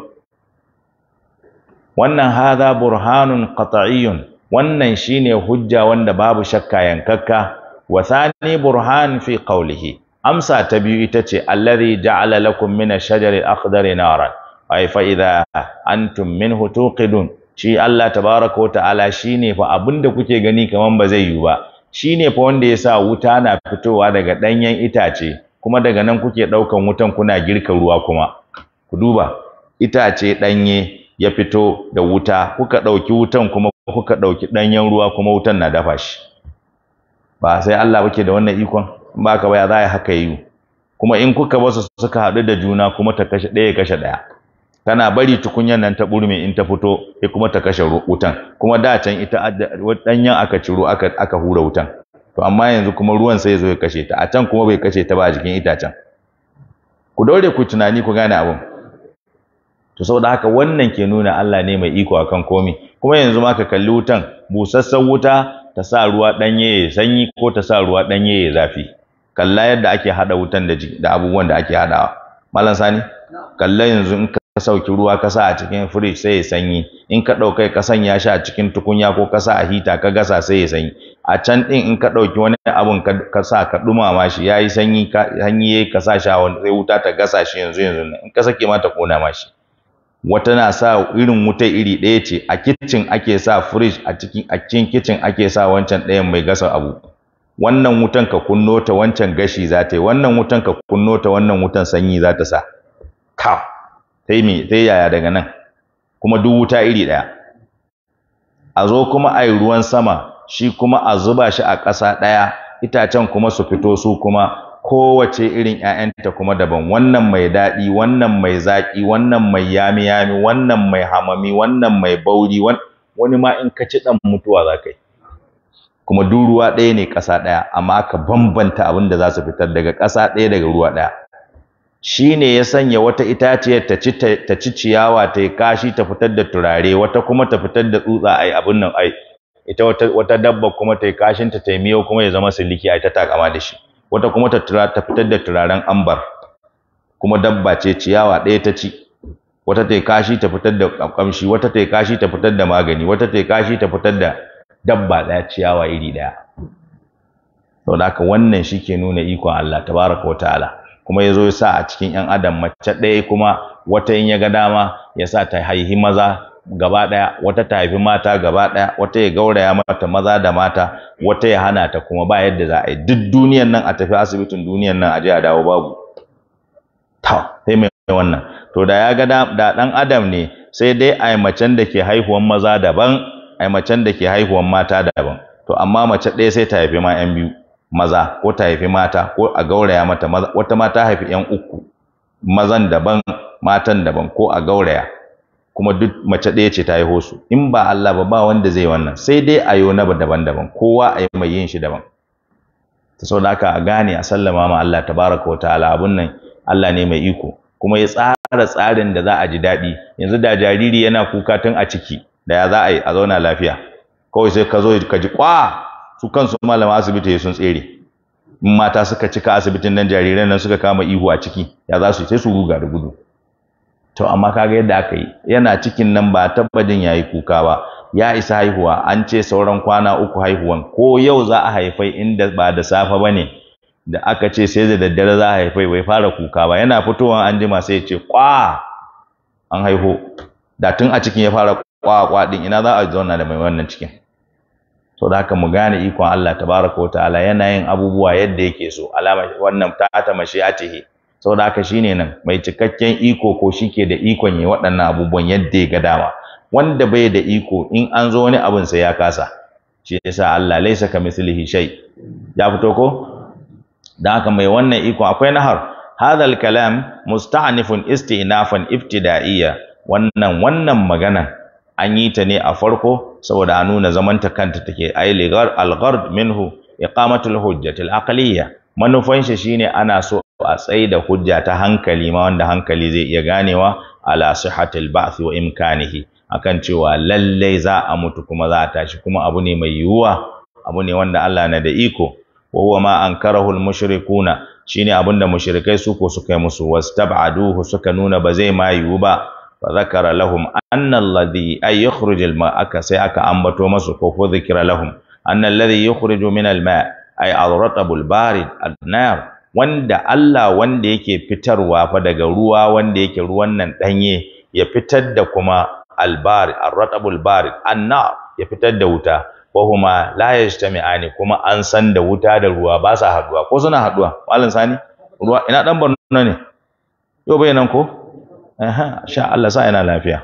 Speaker 1: wannan haza burhanun qat'iyyun wannan shine hujja wanda babu shakka yankakka wa thani burhan fi qawlihi amsa ta biyu ita ce allazi ja'ala lakum min ash-shajari al-akhdari ay fa idha antum minhu tuqidun shi Allah tabaraka wa ta'ala shine fa abinda kuke gani kamar ba zai yi ba shine fa wanda yasa wuta na fitowa daga danyen itace kuma daga nan kuke ɗaukan wutan kuna girka ruwa kuma ku duba itace ɗanye. ya fito da wuta kuka ɗauki wutan kuma kuka ɗauki ɗanyen ruwa kuma wutan na dafa shi ba sai Allah bake da wannan ikon in ba ka baya za a haka yi kuma in kuka basu suka haɗu da juna kuma ta kashe ɗaya kashe ɗaya kana bari tukunyar nan ta burme in ta fito sai kuma ta kashe wutan kuma da can ita ɗanyen aka ciro aka aka hura wutan to amma yanzu kuma ruwan sai ya zo ya kashe ta a can kuma bai kashe ta ba a jikin itacen ku daure ku tunani ku gane abin to saboda haka wannan ke nuna Allah ne mai iko akan komi kuma yanzu ma ka kalli wutan busassan wuta ta sa ruwa danye ya sanyi ko ta sa ruwa danye ya zafi kalla yadda ake hada wutan da da abubuwan da ake hadawa malam sani kalla yanzu in ka sauki ruwa ka sa a cikin fridge sai ya sanyi in ka dauka ka sanya shi a cikin tukunya ko ka sa a hita ka gasa sai ya sanyi a can din in ka dauki wani abun ka sa ka dumama shi yayi sanyi ka hanye ka sa shi a wani sai wuta ta gasa shi yanzu yanzu in ka sake mata kona ma shi wata na sa irin wuta iri ɗaya ce a kitchen ake sa fridge a cikin a cikin kitchen ake sa wancan ɗayan mai gasa abu wannan wutan ka kunno ta wancan gashi za ta yi wannan wutan ka kunno ta wannan wutan sanyi za ta sa ka sai me sai yaya daga nan kuma duk wuta iri ɗaya a zo kuma a yi ruwan sama shi kuma a zuba shi a ƙasa ɗaya itacen kuma su fito su kuma kowace irin 'ya'yanta kuma daban wannan mai daɗi wannan mai zaƙi wannan mai yami yami wannan mai hamami wannan mai bauri wani ma in ka ci ɗan mutuwa za ka yi kuma duk ruwa ɗaya ne ƙasa ɗaya amma aka bambanta abin da za su fitar daga ƙasa ɗaya daga ruwa ɗaya shi ne ya sanya wata itaciyar ta ci ciyawa ta yi kashi ta fitar da turare wata kuma ta fitar da tsutsa yi abin nan ai ita wata dabba kuma ta yi kashinta ta yi miyau kuma ya zama siliki ai ta takama da shi wata kuma ta ta fitar da turaren ambar kuma dabba ce ciyawa ɗaya ta ci wata ta kashi ta fitar da kamshi wata ta kashi ta fitar da magani wata ta kashi ta fitar da dabba ɗaya ciyawa iri ɗaya Da haka wannan shi ke nuna ikon Allah tabaraka wa ta'ala kuma yazo zo ya sa a cikin 'yan adam mace ɗaya kuma wata in ya ga dama ya sa ta haihi maza gaba ɗaya wata ta haifi mata gaba ɗaya wata ya gauraya mata maza da mata wata ya hana ta kuma ba yadda za a yi duk duniyan nan a tafi asibitin duniyan nan a je a dawo babu ta sai mai wannan to da ya ga da ɗan adam ne sai dai a yi macen da ke haihuwan maza daban a yi macen da ke haihuwan mata daban to amma mace ɗaya sai ta haifi ma 'yan biyu maza ko ta haifi mata ko a gauraya mata maza wata ma ta haifi 'yan uku mazan daban matan daban ko a gauraya kuma duk mace ɗaya ce ta yi hosu. in ba Allah ba ba wanda zai wannan sai dai a yi wani daban-daban kowa a yi mai yin shi daban ta sau da aka gane a sallama ma Allah tabaraka wa ta'ala abun nan Allah ne mai iko kuma ya tsara tsarin da za a ji daɗi yanzu da jariri yana kuka tun a ciki da ya za a yi a zauna lafiya kawai sai ka zo ka ji kwa su kansu malama asibiti sun tsere in mata suka cika asibitin nan jariran nan suka kama ihu a ciki ya za su sai su ruga da gudu to amma kaga yadda aka yi yana cikin nan ba tabbajin yi kuka ba ya isa haihuwa an ce sauran kwana uku haihuwan ko yau za a haifai inda ba da safe ne da aka ce sai da daddare za a haifai bai fara kuka ba yana fitowa an jima sai ce kwa an haihu da tun a cikin ya fara kwa kwa din ina za a zauna da mai wannan cikin to da haka mu gane ikon Allah tabaraka wa ta'ala yana yin abubuwa yadda yake so alama wannan ta ta mashi'atihi saboda haka shine nan mai cikakken iko ko shike da ikon yi waɗannan abubuwan yadda ya ga dama wanda bai da iko in an zo wani abin sai ya kasa shi yasa Allah laisa ka mislihi shay ya fito ko dan haka mai wannan iko akwai nahar hadal kalam musta'nifun istinafan ibtida'iyya wannan wannan magana an yi ta ne a farko saboda a nuna zamanta kanta take ay ligar al minhu iqamatul hujjatil aqliyya manufan shi shine ana so a tsaye da hujja ta hankali ma wanda hankali zai iya ganewa ala sihatil ba'thi wa imkanihi akan cewa lallai za a mutu kuma za a tashi kuma abu ne mai yiwuwa abu ne wanda Allah na da iko wa huwa ma ankarahu al mushrikuna shine abinda mushrikai su ko suka yi musu wastab'aduhu suka nuna ba zai ma yiwu ba fa zakara lahum anna alladhi ay yukhruj al ma'a sai aka ambato masu ko fa zikira lahum anna alladhi yukhriju min al ma' ay al ratab al barid an nar wanda Allah wanda yake fitarwa fa daga ruwa wanda yake ruwan nan danye ya fitar da kuma albari arratabul bari anna ya fitar da wuta ko huma la yajtami'ani kuma an san da wuta da ruwa ba sa haduwa ko suna haduwa mallan sani ruwa ina dan barno ne yau bai nan ko aha sha Allah sa ina lafiya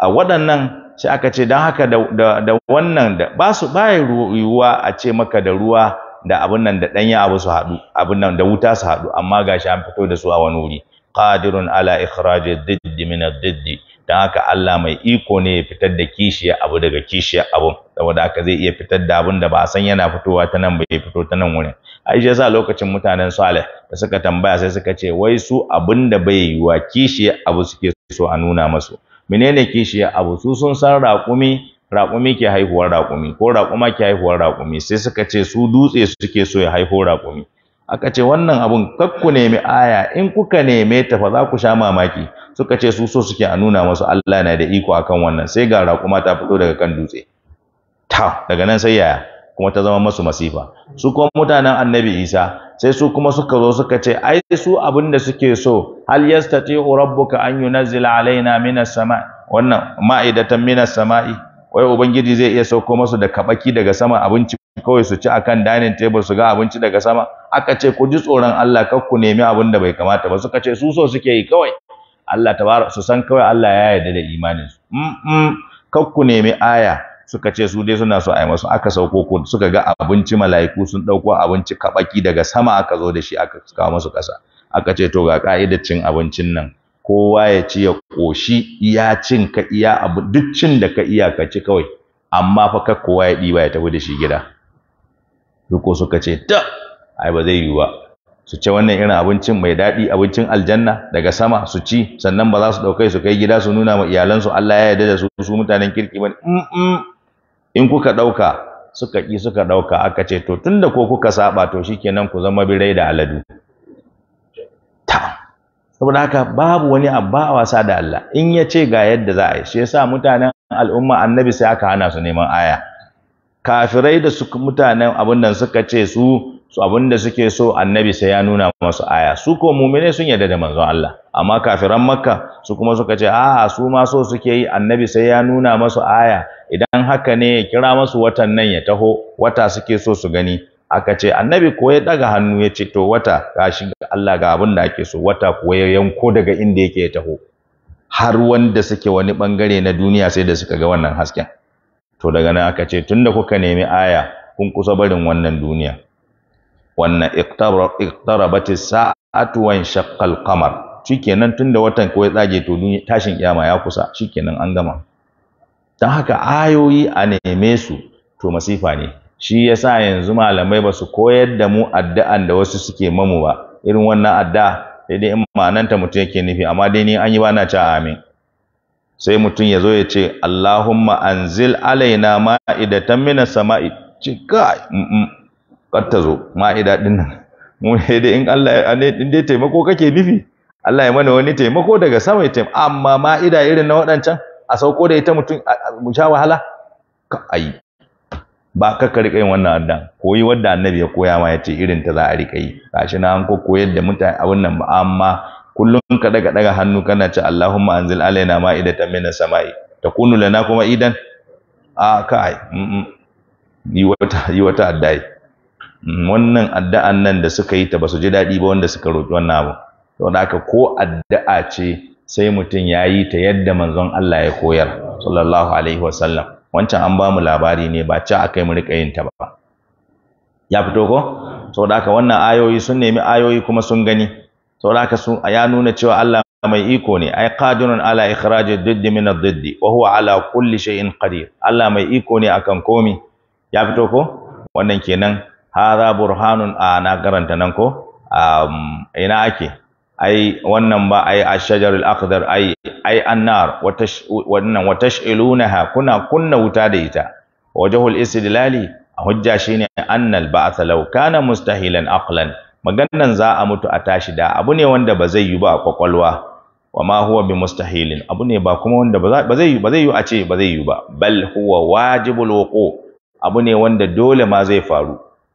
Speaker 1: a waɗannan sai aka ce dan haka da da, wannan da ba su ba ruwa a ce maka da ruwa da abun nan da ɗanya abu su haɗu abun nan da wuta su haɗu amma gashi an fito da su a wani wuri qadirun ala ikhrajid didd min ad-didd dan haka Allah mai iko ne ya fitar da kishiyar abu daga kishiyar abu saboda haka zai iya fitar da abun da ba san yana fitowa ta nan bai fito ta nan wurin Aisha sa lokacin mutanen Saleh da suka tambaya sai suka ce wai su abun da bai yiwa kishiya abu suke so a nuna masu menene kishiya abu su sun san raƙumi raƙumi ke haihuwar raƙumi ko raƙuma ke haihuwar raƙumi sai suka ce su dutse suke so ya haiho raƙumi aka ce wannan abun kakku nemi aya in kuka neme ta fa za ku sha mamaki suka ce su so suke a nuna masu Allah na da iko akan wannan sai ga raƙuma ta fito daga kan dutse ta daga nan sai yaya kuma ta zama masu masifa su kuma mutanen annabi isa sai su kuma suka zo suka ce ai su abin da suke so hal yastati rabbuka an yunazzila alaina minas sama' wannan ma'idatan minas sama'i wai ubangiji zai iya sauko masu da kabaki daga sama abinci kawai su ci akan dining table su ga abinci daga sama aka ce ku ji tsoron Allah kar ku nemi abin da bai kamata ba suka ce su so suke yi kawai Allah tabar su san kawai Allah ya yarda da imanin su mm kar ku nemi aya suka ce su dai suna so a yi aka sauko ku suka ga abinci mala'iku sun dauko abinci kabaki daga sama aka zo da shi aka kawo masu kasa aka ce to ga ka'idar cin abincin nan kowa ya ci ya ƙoshi iya cin ka iya abu duk cin da ka iya ka ci kawai amma fa ka kowa ya ɗiba ya tafi da shi gida ko suka ce ta ai ba zai yiwu ba su ce wannan irin abincin mai daɗi abincin aljanna daga sama su ci sannan ba za su ɗaukai su kai gida su nuna ma iyalansu Allah ya yarda da su su mutanen kirki ba in kuka ɗauka suka ƙi suka ɗauka aka ce to tunda ko kuka saba to shikenan ku zama birai da aladu ta'am saboda haka babu wani abba a wasa da Allah in ya ce ga yadda za a yi shi yasa mutanen al'umma annabi sai aka hana su neman aya kafirai da su mutanen abin nan suka ce su su abin da suke so annabi sai ya nuna masu aya su ko mumine sun yarda da manzon Allah amma kafiran makka su kuma suka ce a'a su ma so suke yi annabi sai ya nuna masu aya idan haka ne ya kira masu watan nan ya taho wata suke so su gani aka ce annabi ko ya daga hannu ya ce to wata gashi Allah ga abin da ake so wata ko ya yanko daga inda yake ya taho har wanda suke wani bangare na duniya sai da suka ga wannan hasken to daga nan aka ce tunda kuka nemi aya kun kusa barin wannan duniya wannan iqtarabat as-sa'atu wa inshaqqa al-qamar shikenan tunda watan ko ya tsage to tashin kiyama ya kusa shikenan an gama dan haka ayoyi a neme su to masifa ne shi ya sa yanzu malamai ba su koyar da mu addu'an da wasu suke mamu ba irin wannan adda sai dai in ma'ananta mutum yake nufi amma dai ni an yi ba na ci amin sai mutum ya zo ya ce Allahumma anzil alaina ta mina sama'i cika kar ta zo ma'ida ɗin nan mu ne dai in Allah ɗin dai taimako kake nufi Allah ya mana wani taimako daga sama ya taimako amma ma'ida irin na waɗancan a sauko da ita mutum mu sha wahala ka ai ba ka karɓe wannan addan koyi wadda annabi ya koya ma ya ce irin ta za a riƙa yi gashi na an ko koyar da mutane a wannan ba kullum ka daga daga hannu kana ce Allahumma anzil alaina ma'idatan as sama'i takunu lana kuma idan a kai yi wata yi wata addai mm, wannan addu'an nan da suka yi ta basu ji daɗi ba wanda suka roƙi wannan abu saboda haka ko addu'a ce sai mutum yayi ta yadda manzon Allah ya koyar sallallahu alaihi wasallam wancan an ba mu labari ne ba ca aka yi mu riƙe yin ta ba ya fito ko saboda haka wannan ayoyi sun nemi ayoyi kuma sun gani saboda haka sun ya nuna cewa Allah mai iko ne ai qadirun ala ikhraji diddi min ad-diddi wa huwa ala kulli shay'in qadir Allah mai iko ne akan komi ya fito ko wannan kenan hadha burhanun a na karanta nan ko ina ake ai wannan ba ai ashajarul aqdar ai ai annar wannan wa kuna kunna wuta da ita wajhul istidlali hujja shine annal ba'th law kana mustahilan aqlan maganan za a mutu a tashi da abu ne wanda ba zai yi ba a kwakwalwa Wama huwa bi mustahilin abu ne ba kuma wanda ba zai ba zai yi a ce ba zai yi ba bal huwa wajibul wuqu abu ne wanda dole ma zai faru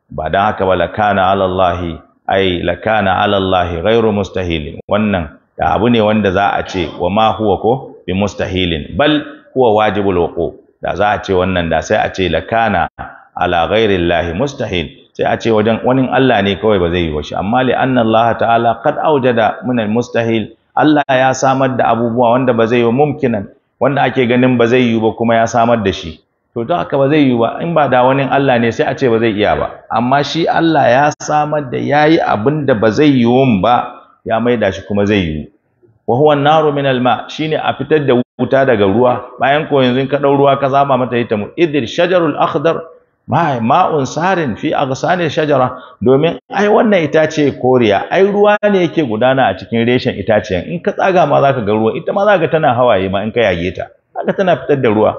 Speaker 1: ba dan haka ba la kana ala allahi ai lakana ala Allah ghairu mustahilin wannan da abu ne wanda za a ce wa ma huwa ko bi mustahilin bal huwa wajibul wuqu da za a ce wannan da sai a ce lakana ala ghairi Allah mustahil sai a ce wajen wani Allah ne kawai ba zai yi shi amma li anna Allah ta'ala qad aujada min al mustahil Allah ya samar da abubuwa wanda ba zai yi mumkinan wanda ake ganin ba zai yi ba kuma ya samar da shi to don haka ba zai yi ba in ba da wani Allah ne sai a ce ba zai iya ba amma shi Allah ya samar da yayi abin da ba zai yi wun ba ya mai da shi kuma zai yi wa huwa naru min alma shine a fitar da wuta daga ruwa bayan ko yanzu ka dau ruwa ka zaba mata ita mu idir shajarul akhdar ma ma'un sarin fi aghsani shajara domin ai wannan itace koriya ai ruwa ne yake gudana a cikin reshen itaciyan in ka tsaga ma zaka ga ruwa ita ma zaka tana hawaye ma in ka yage ta zaka tana fitar da ruwa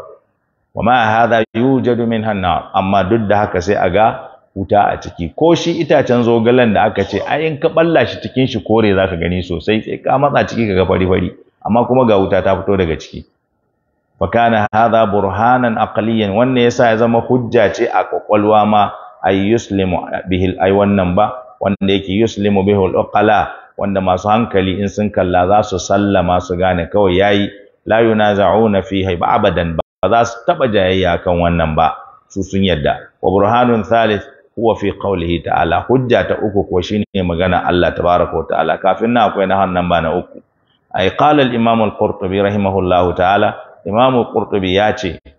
Speaker 1: wa ma hadha yujadu minha nar amma duk da haka sai a ga wuta a ciki ko shi itacen zogalen da aka ce ai ka balla shi cikin shi kore zaka gani sosai sai ka matsa ciki kaga fari fari amma kuma ga wuta ta fito daga ciki fa kana hadha burhanan aqliyan wannan yasa ya zama hujja ce a kwakwalwa ma ay yuslimu bihil ay wannan ba wanda yake yuslimu bihil uqala wanda masu hankali in sun kalla za su sallama su gane kawai yayi la yunazauna fihi abadan ba. ba za su taɓa jayayya kan wannan ba su sun yadda wa burhanun thalith huwa fi qawlihi ta'ala hujja ta uku ko shine magana Allah tabaraka wa ta'ala kafin na akwai na hannan ba na uku ai qala al-imam al-qurtubi rahimahullahu ta'ala imam al-qurtubi ya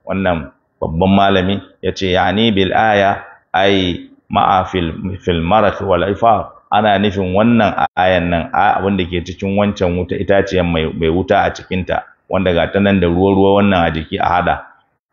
Speaker 1: wannan babban malami yace yani bil aya ai ma'a fil fil marath wal ifar ana nufin wannan ayan nan abin da ke cikin wancan wuta itaciyar mai wuta a cikinta wanda ga ta nan da ruwa ruwa wannan a jiki a hada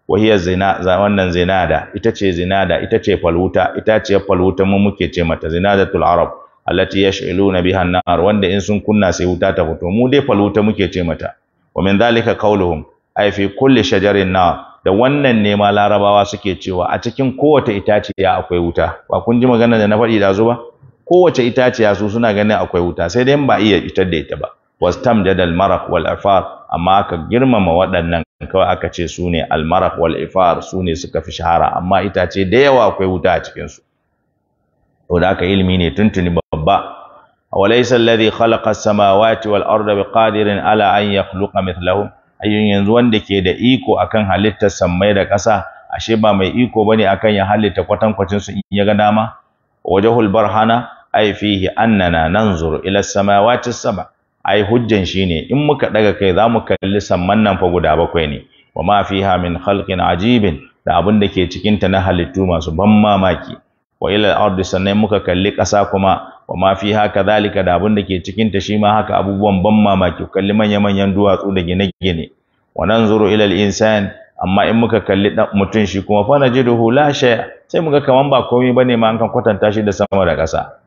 Speaker 1: wahiyar zina wannan zinada ita ce zina da. ita ce falwuta ita ce falwuta mu muke ce mata zina zinadatul arab allati yash'iluna biha an-nar wanda in sun kunna sai wuta ta fito mu dai falwuta muke ce mata wa min dhalika qawluhum ay fi kulli shajarin na da wannan nema larabawa suke cewa a cikin kowace itaciya akwai wuta ba kun ji magana da na faɗi da ba kowace itaciya su suna ganin akwai wuta sai dai ba iya itar da ita ba wastam jadal maraq wal afar amma aka girmama waɗannan kawai aka ce su ne almarak wal ifar su ne suka fi shahara amma itace da yawa akwai wuta a cikinsu. su da aka ilimi ne tuntuni babba awalaysa alladhi khalaqa as-samawati wal arda biqadirin ala an yakhluqa mithlahum ayyun yanzu wanda ke da iko akan halitta sammai da ƙasa ashe ba mai iko bane akan ya halitta kwatankwacin su in ya ga dama wajhul barhana ay fihi annana nanzuru ila as-samawati as-sab'a ai hujjan shine in muka daga kai za mu kalli samman nan fa guda bakwai ne wa ma fiha min khalqin ajibin da abin da ke cikin ta na halittu masu ban mamaki wa ila al ard sannan muka kalli ƙasa kuma wa ma fiha kadhalika da abin da ke cikin ta shi ma haka abubuwan ban mamaki kalli manya manyan duwatsu da gine-gine wa nanzuru ila al-insan amma in muka kalli mutum shi kuma fa najiduhu la shay sai muga kaman ba komai bane ma an kan kwatanta shi da sama da ƙasa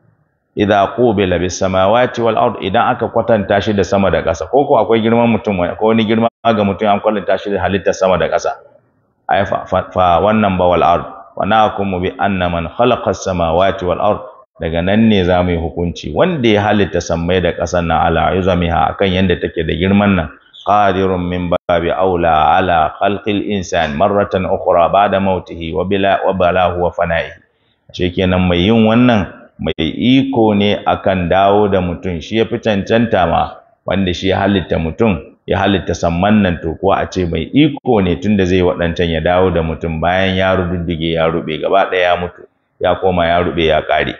Speaker 1: idza qubila bis samawati wal ard idan aka kwatanta shi da sama da ƙasa ko ko akwai girman mutum ko wani girma ga mutum an kwatanta shi da halittar sama da ƙasa ay fa wannan ba wal ard wa naqumu bi anna man khalaqa as samawati wal ard daga nan ne za mu yi hukunci wanda ya halitta sammai da ƙasar na ala izamiha akan yanda take da girman nan qadirun min babi aula ala khalqil insan marratan ukhra ba'da mautihi wa bila wa balahu wa fana'ihi kenan mai yin wannan mai iko ne akan dawo da mutum shi ya fi cancanta ma wanda shi ya halitta mutum ya halitta samman nan to kuwa a ce mai iko ne tunda zai waɗancan ya dawo da mutum bayan ya rududdige ya rube gaba ɗaya ya mutu ya koma ya rube ya ƙare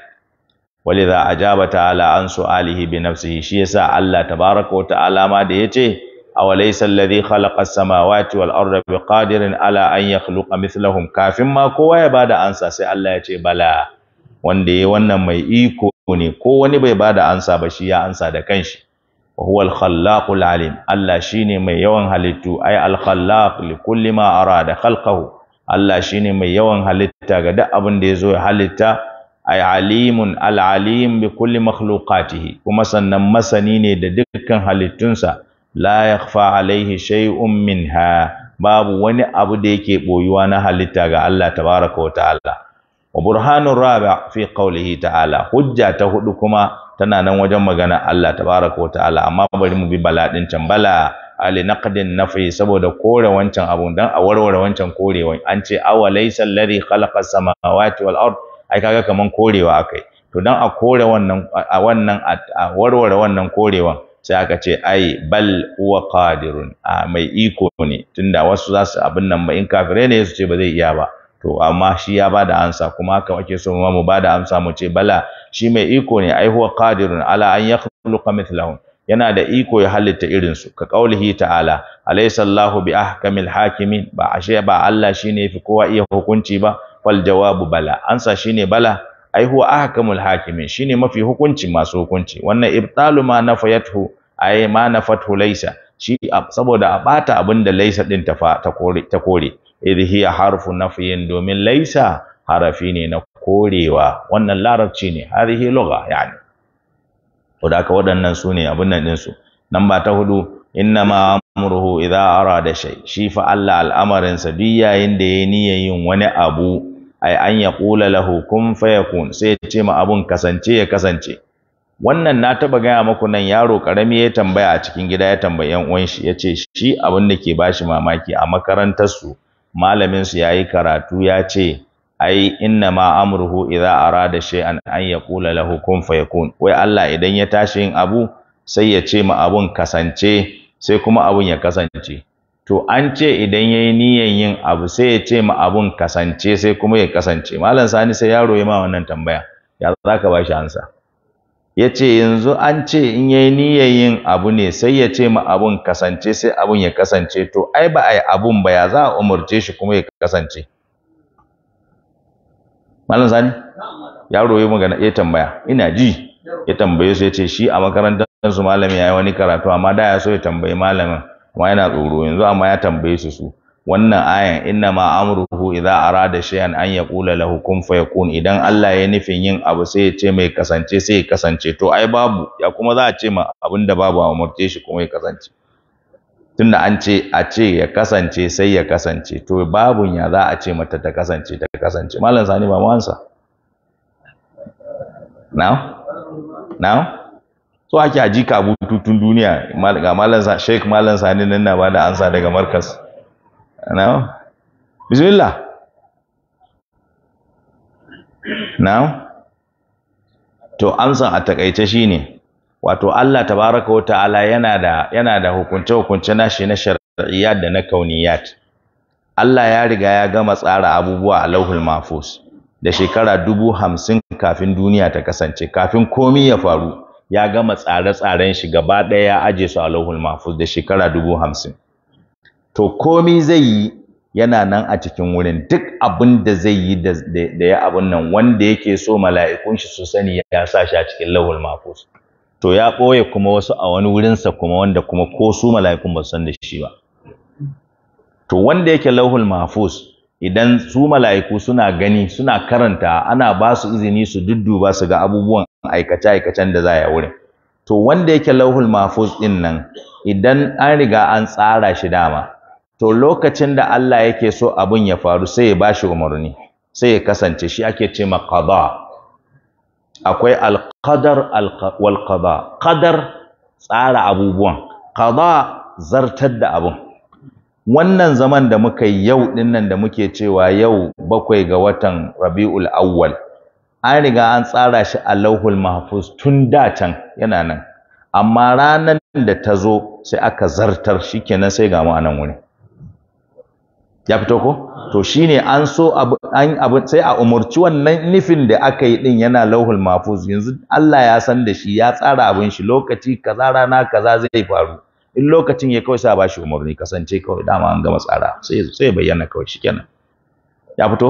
Speaker 1: a ajaba ta'ala an alihi bi nafsihi shi yasa Allah tabaraka wa ta'ala ma da yace awalaysa alladhi khalaqa as-samawati wal arda kadirin ala an yakhluqa mithlahum kafin ma kowa ya bada ansa sai Allah ya ce bala wanda ya wannan mai iko ne ko wani bai bada ansa ba shi ya ansa da kanshi wa huwa al-khallaqul alim Allah shine mai yawan halittu ay al-khallaq li kulli ma arada khalqahu Allah shine mai yawan halitta ga duk abin da yazo ya halitta ay alimun al-alim bi kulli makhluqatihi kuma sannan masani ne da dukkan halittunsa la yakhfa alaihi shay'un minha babu wani abu da yake boyuwa na halitta ga Allah tabaraka wa ta'ala wa burhanun rabi fi qawlihi ta'ala hujja ta hudu kuma tana nan wajen magana Allah tabaraka wa ta'ala amma bari mu bi bala can bala ali naqdin nafi saboda kore wancan abun dan a warware wancan korewan an ce aw laysa alladhi khalaqa samawati wal ard ai kaga kaman korewa akai to dan a kore wannan a wannan a warware wannan korewan sai aka ce ai bal huwa qadirun a mai iko ne tunda wasu za su abin nan ba in kafire ne su ce ba zai iya ba to amma shi ya bada ansa kuma haka ake so mu ba da amsa mu ce bala shi mai iko ne ai huwa qadirun ala an yakhluqa mithlahum yana da iko ya halitta irin su ka qaulihi ta'ala alaysa allahu bi ahkamil hakimin ba ashe ba Allah shine yafi kowa iya hukunci ba fal jawabu bala ansa shine bala ai huwa ahkamul hakimin shine mafi hukunci masu hukunci wannan ibtalu ma nafayathu ai ma nafathu laysa shi saboda a bata abin da laysa din ta kore idh hiya harfu nafyin domin laisa harafi ne na korewa wannan larabci ne hadhihi lugha yani to da waɗannan su ne abin nan ɗinsu namba ta hudu ma amruhu idha arada shay shi fa Allah al'amarin sa duk yayin da yayi niyyar yin wani abu ai an ya kula lahu kun fayakun sai ya ce ma abun kasance ya kasance wannan na taba gaya muku nan yaro karami ya tambaya a cikin gida ya tambayi yan uwan shi yace shi abin da ke bashi mamaki a makarantar su malamin su yayi karatu ya ce ai inna ma amruhu idza arada shay'an an yaqula lahu kun fayakun wai Allah idan ya tashi yin abu sai ya ce ma abun kasance sai kuma abun ya kasance to an ce idan yayi niyan yin abu sai ya ce ma abun kasance sai kuma ya kasance malam sani sai yaro ya ma wannan tambaya ya zaka ba shi ansa ya ce yanzu an ce in ya yi niyyar yin abu ne sai ya ce ma abun kasance sai abun ya kasance to ai ba a yi abun ba ya za a umarce shi kuma ya kasance malam sani yaro ya magana ya tambaya ina ji ya tambaye su ya ce shi a makarantar su malami ya yi wani karatu amma da ya so ya tambayi malamin kuma yana tsoro yanzu amma ya tambaye su su wannan ayan inna ma amruhu idza arada shay'an an yaqula lahu kun fayakun idan Allah ya nufin yin abu sai ya ce mai kasance sai ya kasance to ai babu ya kuma za a ce ma abin da babu a umarce shi kuma ya kasance tunda an ce a ce ya kasance sai ya kasance to babun ya za a ce mata ta kasance ta kasance malam sani ba wansa now now so ake aji ka bututun duniya ga malam sheik malam sani nan na bada ansa daga markas Now, Bismillah. Now, To amsan a takaice shine wato Allah tabaraka wa ta'ala yana da yana hukunce hukunce nashi na shar'iyyat da na kauniyat. Allah ya riga ya gama tsara abubuwa a Lauhul mafus da shekara dubu hamsin kafin duniya ta kasance kafin komi ya faru ya gama tsare-tsaren shi gaba ɗaya ya aje su a Lauhul mafus da shekara dubu hamsin. to komi zai yi yana nan a cikin wurin duk abin da zai yi da ya abin nan wanda yake so mala'ikun shi su sani ya sa shi a cikin lawul mafus to ya ɓoye kuma wasu a wani wurinsa kuma wanda kuma ko su mala'ikun ba san da shi ba to wanda yake lawul mafus idan su mala'iku suna gani suna karanta ana ba su izini su dudduba su ga abubuwan aikace-aikacen da za a wurin to wanda yake lawul mafus din nan idan an riga an tsara shi dama to lokacin da Allah yake so abun ya faru sai ya bashi umarni sai ya kasance shi ake ce ma qada akwai alqadar wal qada qadar tsara abubuwan qada zartar da abun wannan zaman da muka yi yau dinnan da muke cewa yau bakwai ga watan Rabiul Awwal an riga an tsara shi a lauhul mahfuz tun da can yana nan amma ranan da ta zo sai aka zartar shikenan sai ga mu a nan ya fito ko to shine an so an abu sai a umurci wannan nifin da aka yi din yana lauhul mahfuz yanzu Allah ya san da shi ya tsara abin shi lokaci kaza rana kaza zai faru in lokacin ya kawai sa ba shi umarni kasance kawai dama an gama tsara sai sai bayyana kawai shikenan ya fito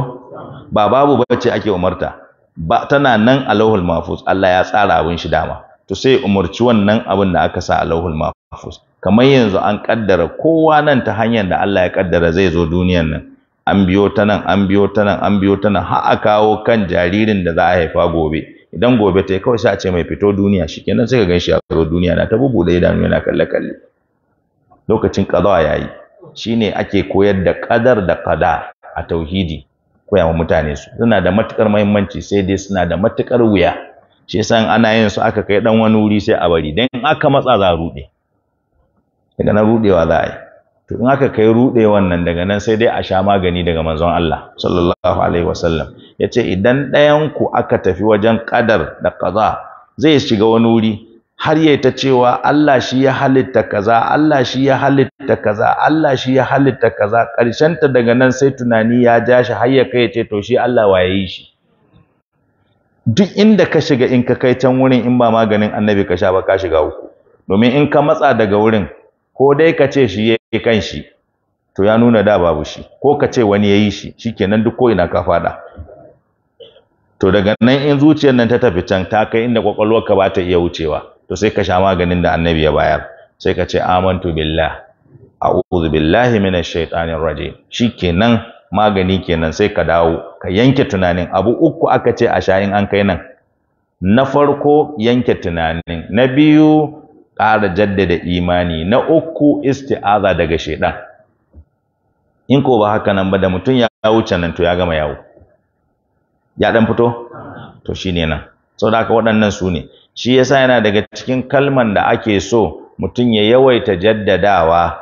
Speaker 1: ba babu bace ake umarta ba tana nan a lauhul mahfuz Allah ya tsara abin shi dama to sai umurci wannan abin da aka sa a lauhul mahfuz kamar yanzu an kaddara kowa nan ta hanyar da Allah ya kaddara zai zo duniyar nan an biyo ta nan an biyo ta nan an biyo ta nan har a kawo kan jaririn da za a haifa gobe idan gobe ta yi kawai sai a ce mai fito duniya shi kenan sai ka gan shi a zo duniya na ta da idanu yana kalle kalle lokacin kaza ya yi shine ake koyar da kadar da kada a tauhidi koya wa mutane su suna da matukar muhimmanci sai dai suna da matukar wuya shi yasa ana yin su aka kai dan wani wuri sai a bari dan aka matsa za a rude. daga nan rudewa za a yi to in aka kai rude wannan daga nan sai dai a sha magani daga manzon Allah sallallahu alaihi wasallam yace idan ɗayan ku aka tafi wajen qadar da qaza zai shiga wani wuri har yayi ta cewa Allah shi ya halitta kaza Allah shi ya halitta kaza Allah shi ya halitta kaza karshen ta daga nan sai tunani ya ja shi har ya kai ce to shi Allah waye shi duk inda ka shiga in ka kai can wurin in ba maganin annabi ka sha ba ka shiga uku domin in ka matsa daga wurin ko dai ka ce shi kan kanshi to ya nuna da babu shi ko ka ce wani yayi shi shikenan duk ko ina ka fada to daga nan in zuciyar nan ta tafi can ta kai inda ka ba ta iya wucewa to sai ka sha maganin da annabi ya bayar sai ka ce amantu billah a'udhu billahi minash shaitanir rajim shikenan magani kenan sai ka dawo ka yanke tunanin abu uku aka ce a sha in an kai nan na farko yanke tunanin na biyu ƙara jaddada imani na uku isti'aza daga shaidan in ko ba haka nan ba da mutum ya wuce nan to ya gama yawo ya dan fito to shine nan saboda haka waɗannan su ne shi yasa yana daga cikin kalman da ake so mutum ya yawaita jaddadawa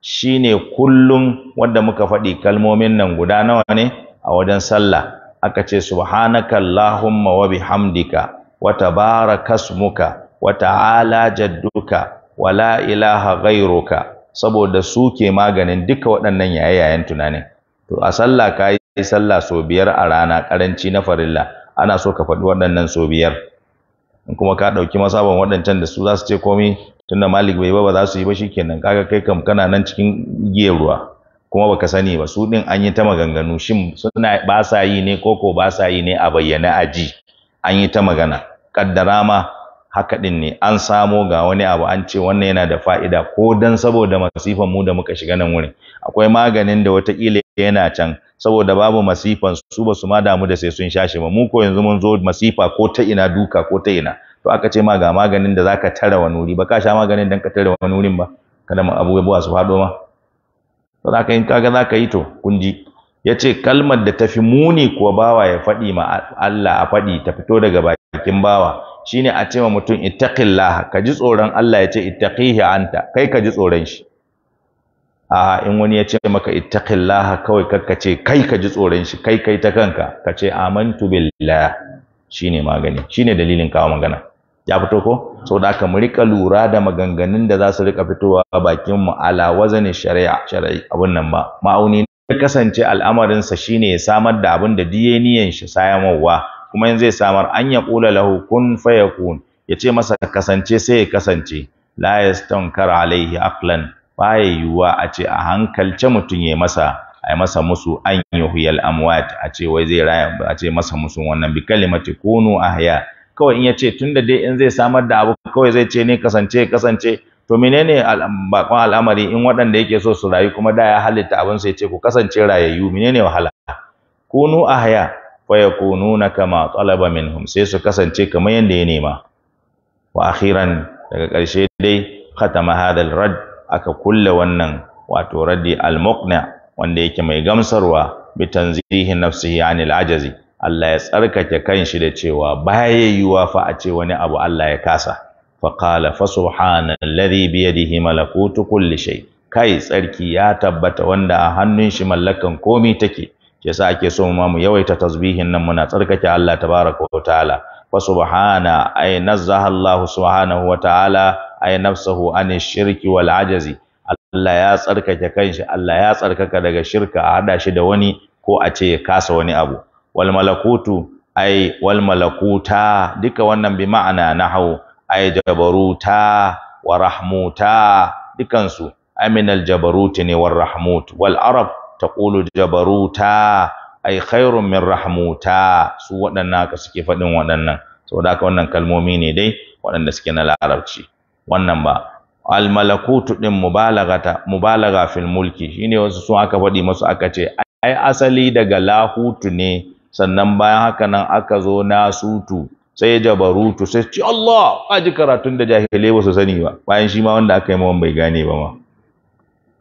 Speaker 1: shine kullum wanda muka faɗi kalmomin nan guda nawa ne a wajen sallah aka ce subhanakallahumma wa bihamdika wa tabarakasmuka wa ta'ala jadduka wa la ilaha ghairuka saboda su ke maganin duka waɗannan yayayen tunanin to a sallah ka yi sallah sau biyar a rana karanci na farilla ana so ka faɗi waɗannan sau biyar kuma ka ɗauki masaban waɗancan da su za su ce komai tunda malik bai ba ba za su yi ba shikenan kaga kai kam kana nan cikin giyar ruwa kuma baka sani ba su din an yi ta maganganu shin suna ba sa yi ne koko ba sa yi ne a bayyane a ji an yi ta magana kaddara ma haka din ne an samo ga wani abu an ce wannan yana da fa'ida ko dan saboda masifan mu da muka shiga nan wurin akwai maganin da watakila yana can saboda babu masifan su ba su ma damu da sai sun shashi ba mu ko yanzu mun zo masifa ko ta ina duka ko ta ina to aka ce ma ga maganin da zaka tara wani wuri ba ka sha maganin dan ka tara wani wurin ba kada mu abubuwa su fado ma to zaka in kaga zaka yi to kunji yace kalmar da tafi muni kuwa bawa ya faɗi ma Allah a faɗi ta fito daga bakin bawa shine a ce wa mutum ittaqillaha ka ji tsoron Allah ya ce ittaqihi anta kai ka ji tsoron shi a in wani ya ce maka ittaqillaha kawai kakka ce kai ka ji tsoron shi kai kai ta kanka ka ce amantu billah shine magani shine dalilin kawo magana ya fito ko saboda haka mu rika lura da maganganun da za su rika fitowa bakin mu ala wazani shari'a shari'i abun nan ba ma'auni kasance al'amarin sa shine ya samar da abin da diye shi sayamarwa kuma in zai samar an ya kula lahu kun fayakun ya ce masa kasance sai ya kasance la stankar alaihi aqlan baya yiwuwa a ce a hankalce mutum ya masa a yi masa musu an yuhyal amwat a ce wai zai raya a ce masa musu wannan bi kalimati kunu ahya kawai in ya ce tunda dai in zai samar da abu kawai zai ce ne kasance kasance to menene bakon al'amari in waɗanda yake so su rayu kuma da ya halitta abin sai ce ku kasance rayayyu menene wahala kunu ahya fayakununa kama talaba minhum sai su kasance kamar yadda ya nema wa akhiran daga ƙarshe dai khatama hadal rad aka kulle wannan wato raddi al muqna wanda yake mai gamsarwa bi tanzihi nafsihi anil ajazi Allah ya tsarkake kanshi da cewa baya yiwuwa fa a ce wani abu Allah ya kasa fa qala fa alladhi bi yadihi malakutu kulli shay kai tsarki ya tabbata wanda a hannun shi mallakan komai take yasa ake so ma mu yawaita tasbihin nan muna tsarkake Allah tabaraka wa ta'ala fa subhana ay nazzaha Allah subhanahu wa ta'ala ay nafsuhu an shirki wal ajazi Allah ya tsarkake kanshi Allah ya tsarkaka daga shirka a hada shi da wani ko a ce ya kasa wani abu wal malakutu ay wal malakuta duka wannan bi ma'ana nahwu ay jabaruta wa rahmuta dukansu aminal jabaruti ne war rahmut wal arab taqulu jabaruta ay khairun min rahmuta su waɗannan haka suke faɗin waɗannan saboda haka wannan kalmomi ne dai waɗanda suke na larabci wannan ba al malakutu din mubalagata mubalaga fil mulki shine wasu sun aka faɗi masu aka ce ai asali daga lahutu ne sannan bayan haka nan aka zo nasutu sai jabarutu sai ce Allah aji karatun da jahilai ba su sani ba bayan shi ma wanda aka yi mawan bai gane ba ma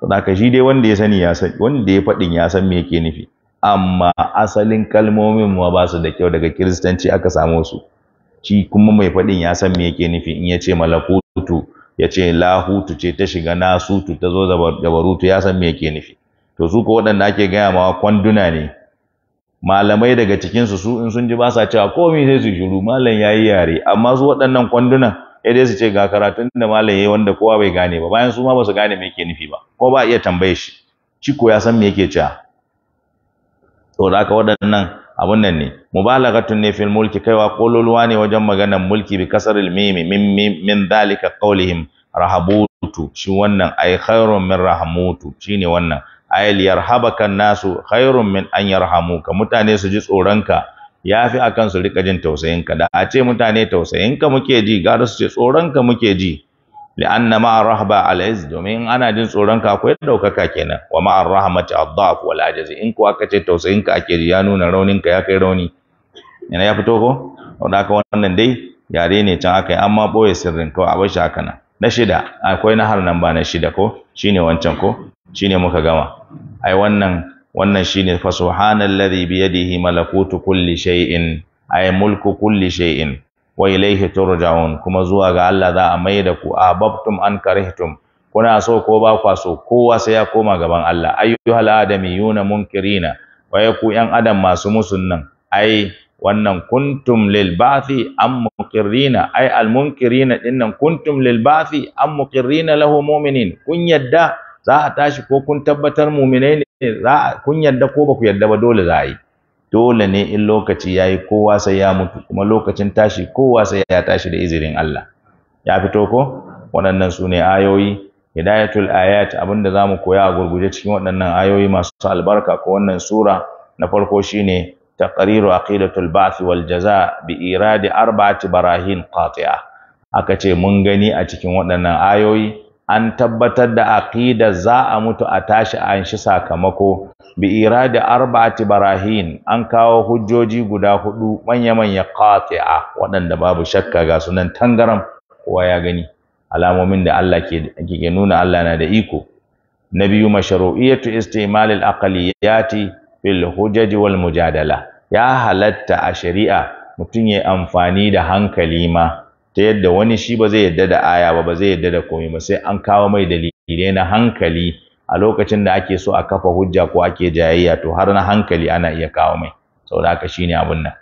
Speaker 1: to da shi dai wanda ya sani ya sani wanda ya faɗin ya san me yake nufi amma asalin kalmomin ma ba su da kyau daga kiristanci aka samo su shi kuma mai faɗin ya san me yake nufi in ya ce malakutu ya ce lahutu ce ta shiga nasutu ta zo jabarutu ya san me yake nufi to su ko waɗanda ake gaya ma kwanduna ne malamai daga cikinsu su in sun ji ba sa cewa komai sai su shiru malam ya yi yare amma su waɗannan kwandunan ya dai su ce ga karatun da malam yayi wanda kowa bai gane ba bayan su ma basu gane me yake nufi ba ko ba iya tambaye shi ciko ya san me yake cewa to da waɗannan abun nan ne mubalaghatun ne fil mulki kaiwa kololuwa ne wajen maganar mulki bi kasaril mim min min dalika qawlihim rahabutu shi wannan ay khairun min rahamutu shine wannan ayil yarhabaka nasu khairun min an yarhamuka mutane su ji tsoronka ya fi a kansu rika jin tausayinka da a ce mutane tausayinka muke ji gara su ce tsoronka muke ji li'anna ma'a rahba al'iz domin ana jin tsoronka akwai daukaka kenan wa ma'a rahmati ad wal ajiz in ko aka ce tausayinka ake ji ya nuna rauninka ya kai rauni yana ya fito ko wanda aka wannan dai yare ne can aka yi amma boye sirrin kawai a bashi haka nan na shida akwai nahar nan ba na shida ko shine wancan ko shine muka gama ai wannan wannan shi shine fa biye da yadihi malakutu kulli a yi mulku kulli Wai wa ilayhi turja'un kuma zuwa ga Allah za a mai da ku ababtum an karihtum kuna so ko ba kwa kowa sai ya koma gaban Allah ayyuhal adamiyuna munkirina wa ku yan adam masu musun nan ai wannan kuntum lil ba'thi am muqirrina ai al munkirina dinnan kuntum lil ba'thi am muqirrina lahu mu'minin kun yadda za a tashi ko kun tabbatar muminai ne za a kun yarda ko ba ku yarda ba dole za a yi dole ne in lokaci ya yi kowa sai ya mutu kuma lokacin tashi kowa sai ya tashi da izinin Allah ya fito ko waɗannan su ne ayoyi hidayatul ayat abinda za mu koya a gurguje cikin waɗannan ayoyi masu albarka ko wannan sura na farko shine taqriru aqidatul ba'th wal jaza bi iradi arba'ati barahin qati'a aka ce mun gani a cikin waɗannan ayoyi an tabbatar da aqida za a mutu a tashi an shi sakamako bi iradi arba'ati barahin an kawo hujjoji guda hudu manya-manya qati'a waɗanda babu shakka ga sunan tangaram kowa ya gani alamomin da Allah ke ke nuna Allah na da iko na biyu mashru'iyatu istimal aqliyati fil hujaj wal mujadala ya halatta a shari'a mutum ya amfani da hankali ma ta yadda wani shi ba zai yadda da aya ba ba zai yadda da komai ba sai an kawo mai dalilai na hankali a lokacin da ake so a kafa hujja ko ake jayayya to har na hankali ana iya kawo mai saboda haka ne abin nan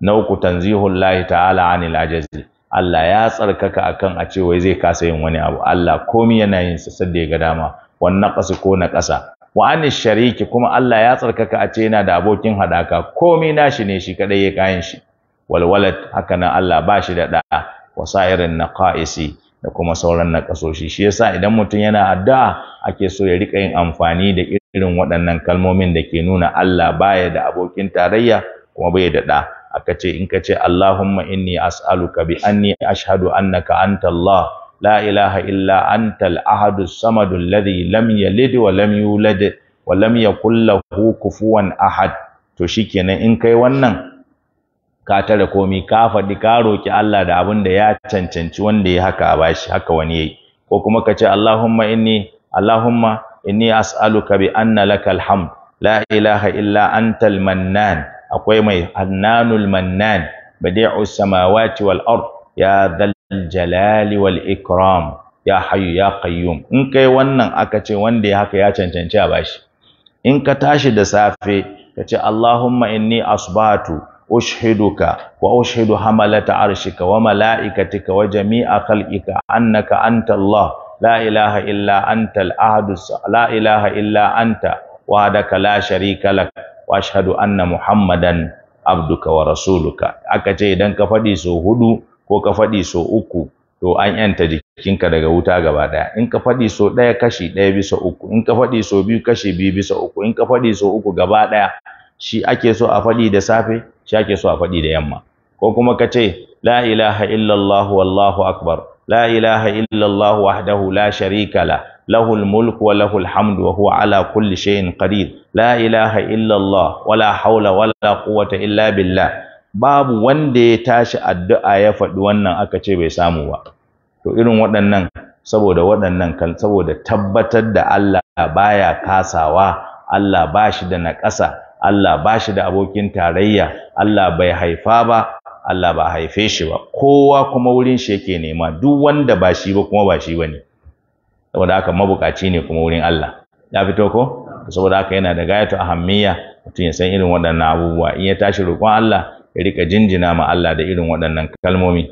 Speaker 1: na uku tanzihul lahi ta'ala anil ajazi Allah ya tsarkaka akan a ce wai zai kasa yin wani abu Allah komai yana yin sa sadda ya ga dama wannan ƙasa ko na ƙasa wa shariki kuma Allah ya tsarkaka a ce yana da abokin hadaka komai nashi ne shi kadai ya kayan shi walwalat haka nan Allah ba shi da da'a wasairin ƙa'isi da kuma sauran ƙasoshi shi yasa idan mutum yana addu'a ake so ya rika yin amfani da irin waɗannan kalmomin da ke nuna Allah baya da abokin tarayya kuma bai da ɗa aka ce in ka ce Allahumma inni as'aluka bi anni ashhadu annaka anta Allah la ilaha illa anta al-ahadu samadu alladhi lam yalid wa lam yulad wa lam yakul lahu ahad to shi shikenan in kai wannan ka tare komi ka faɗi ka roki Allah da abin da ya cancanci wanda ya haka a bashi haka wani yayi ko kuma ka ce Allahumma inni Allahumma inni as'aluka bi anna lakal hamd la ilaha illa antal mannan akwai mai annanul mannan badi'us samawati wal ard ya dhal jalali wal ikram ya hayu ya qayyum in kai wannan aka ce wanda ya haka ya cancanci a bashi in ka tashi da safe ka ce Allahumma inni asbatu أشهدك وأشهد حملة عرشك وملائكتك وجميع خلقك أنك أنت الله لا إله إلا أنت الأحد لا إله إلا أنت وحدك لا شريك لك وأشهد أن محمدا عبدك ورسولك أكتي دن كفدي سو هدو ko ka faɗi so uku to an yanta jikinka daga wuta gaba ɗaya in ka faɗi so ɗaya kashi ɗaya bisa uku in ka faɗi so biyu kashi biyu bisa uku in ka faɗi so uku gaba ɗaya shi ake so a faɗi da safe Shake ake a faɗi da yamma ko kuma ka ce la ilaha illallah wallahu akbar la ilaha illallah wahdahu la sharika la lahu almulku wa lahu alhamdu wa huwa ala kulli shay'in qadir la ilaha illallah wala hawla wala quwwata illa billah babu wanda ya tashi addu'a ya faɗi wannan aka ce bai samu ba to irin waɗannan saboda saboda tabbatar da Allah baya kasawa Allah ba shi da naƙasa Allah ba shi da abokin tarayya Allah bai haifa ba Allah ba haife shi ba kowa kuma wurin shi yake nema duk wanda ba shi ba kuma ba shi Da saboda haka mabukaci ne kuma wurin Allah ya fito ko saboda haka yana da gayatu ahammiya mutum ya san irin waɗannan abubuwa in ya tashi roƙon Allah ya rika jinjina ma Allah da irin waɗannan kalmomi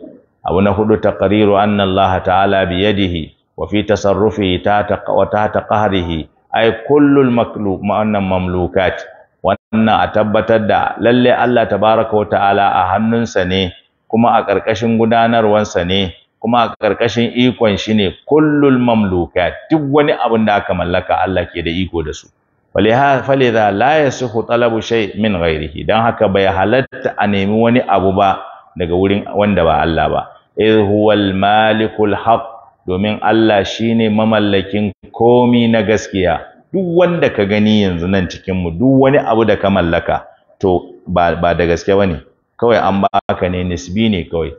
Speaker 1: abu na hudu taqriru anna Allah ta'ala bi yadihi wa fi tasarrufihi ta ta qahrihi ay kullul mamlukat wannan a tabbatar da lalle Allah tabaraka wa ta'ala a hannunsa ne kuma a ƙarƙashin gudanarwansa ne kuma a ƙarƙashin ikon shi ne kullul mamluka duk wani abin da aka mallaka Allah ke da iko da su faliza la yasihu talabu shay min ghairihi dan haka bai halatta a nemi wani abu ba daga wurin wanda ba Allah ba idh huwal malikul haq domin Allah shine mamallakin komi na gaskiya duk wanda ka gani yanzu nan cikin mu duk wani abu da ka mallaka to ba da gaske bane kawai an ba ka ne nisbi ne kawai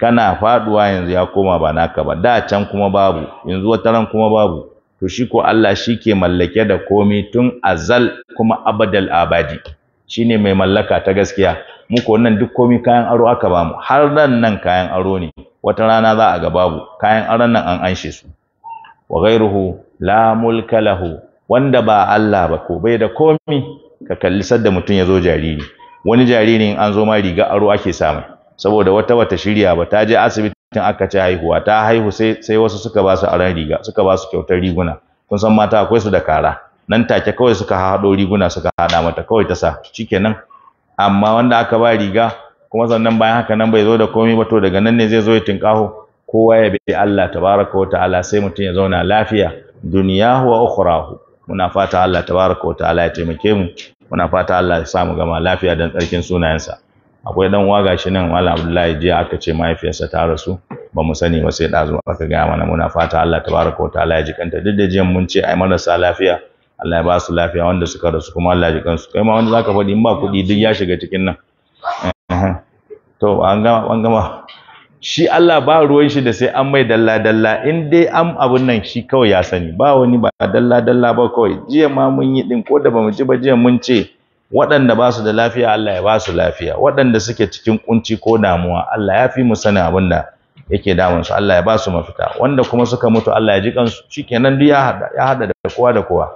Speaker 1: kana faduwa yanzu ya koma ba naka ba da can kuma babu yanzu wata ran kuma babu to shi ko Allah shi ke mallake da komai tun azal kuma abadal abadi shine mai mallaka ta gaskiya mu ko nan duk komai kayan aro aka bamu har nan nan kayan aro ne wata rana za a ga babu kayan aron nan an anshe su wa ghairuhu la mulka lahu wanda ba Allah ba ko bai da komi ka kalli sadda mutum ya zo jariri wani jaririn an zo ma riga aro ake samu saboda wata wata shirya ba ta je asibitin aka ci haihuwa ta haihu sai sai wasu suka ba su aran riga suka ba su kyautar riguna kun san mata akwai su da kara nan take kawai suka haɗo riguna suka haɗa mata kawai ta sa shikenan amma wanda aka ba riga kuma sannan bayan haka nan bai zo da komi ba to daga nan ne zai zo ya tinkaho kowa ya bi Allah tabaraka wa ta'ala sai mutum ya zauna lafiya duniyahu wa ukhrahu muna fata Allah tabaraka wa ta'ala ya taimake mu muna fata Allah ya samu gama lafiya dan tsarkin sunayensa akwai dan uwa shi nan wala Abdullahi jiya aka ce mahaifiyarsa ta rasu ba mu sani ba sai ɗazu aka gaya mana muna fata Allah tabaraka wa ta'ala ya ji kanta duk da jiya mun ce ai marasa lafiya Allah ya ba su lafiya wanda suka rasu kuma Allah ya ji kansu kai ma wanda zaka faɗi in ba kuɗi duk ya shiga cikin nan to an gama an gama shi Allah ba ruwan shi da sai an mai dalla dalla in dai an abun nan shi kawai ya sani ba wani ba dalla dalla ba kawai jiya ma mun yi din ko da bamu ji ba jiya mun ce waɗanda ba su da lafiya Allah ya ba su lafiya waɗanda suke cikin kunci ko damuwa Allah ya fi mu sani abin da yake damun su Allah ya ba su mafita wanda kuma suka mutu Allah ya ji kansu shikenan duk ya hada ya hada da kowa da kowa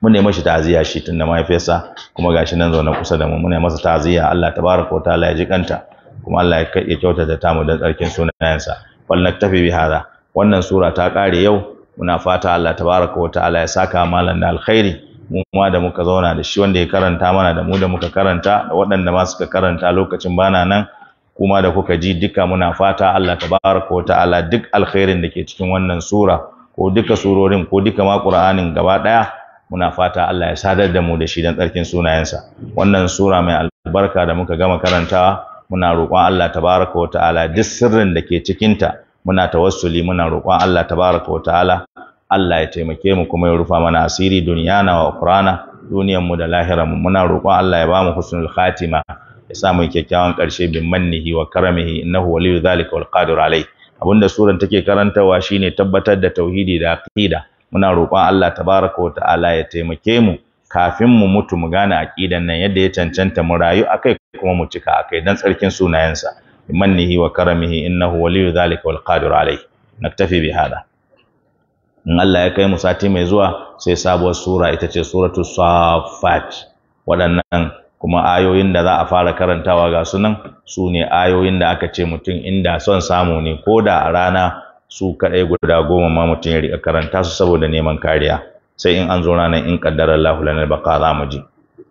Speaker 1: mun nemi shi ta'aziyya shi tunda mahaifiyarsa kuma gashi nan zaune kusa da mu muna masa ta'aziyya Allah tabaraka wa ta'ala ya ji kanta kuma Allah ya kyautata tamu dan tsarkin sunayensa walnaktafi bi hada wannan sura ta kare yau muna fata Allah tabaraka wa ta'ala ya saka malam da alkhairi mu ma da muka zauna da shi wanda ya karanta mana da mu da muka karanta da waɗanda ma suka karanta lokacin bana nan kuma da kuka ji duka muna fata Allah tabaraka wa ta'ala duk alkhairin da ke cikin wannan sura ko duka surorin ko duka ma Qur'anin gaba daya muna fata Allah ya sadar da mu da shi dan tsarkin sunayensa wannan sura mai albarka da muka gama karantawa muna roƙon Allah tabaraka wa ta'ala duk sirrin da ke cikinta muna tawassuli muna roƙon Allah tabaraka wa ta'ala Allah ya taimake mu kuma ya rufa mana asiri duniyana wa ukurana duniyan mu da lahira mu muna roƙon Allah ya bamu husnul khatima ya sa mu kyakkyawan ƙarshe bin mannihi wa karamihi innahu waliyyu zalika wal qadir alai abinda suran take karantawa shine tabbatar da tauhidi da aqida muna roƙon Allah tabaraka wa ta'ala ya taimake mu kafin mu mutu mu gane aqidan nan yadda ya cancanta mu rayu akai kuma mu cika akai dan tsarkin sunayensa mannihi wa karamihi innahu waliyu zalika wal qadir alayhi naktafi bi hada in Allah ya kai mu sati mai zuwa sai sabuwar sura ita ce suratul safat waɗannan kuma ayoyin da za a fara karantawa ga sunan su ne ayoyin da aka ce mutum inda son samu ne ko da a rana su kaɗai guda goma ma mutum ya riƙa karanta su saboda neman kariya sai in an zo ranar in kaddara Allah lanar baka za mu ji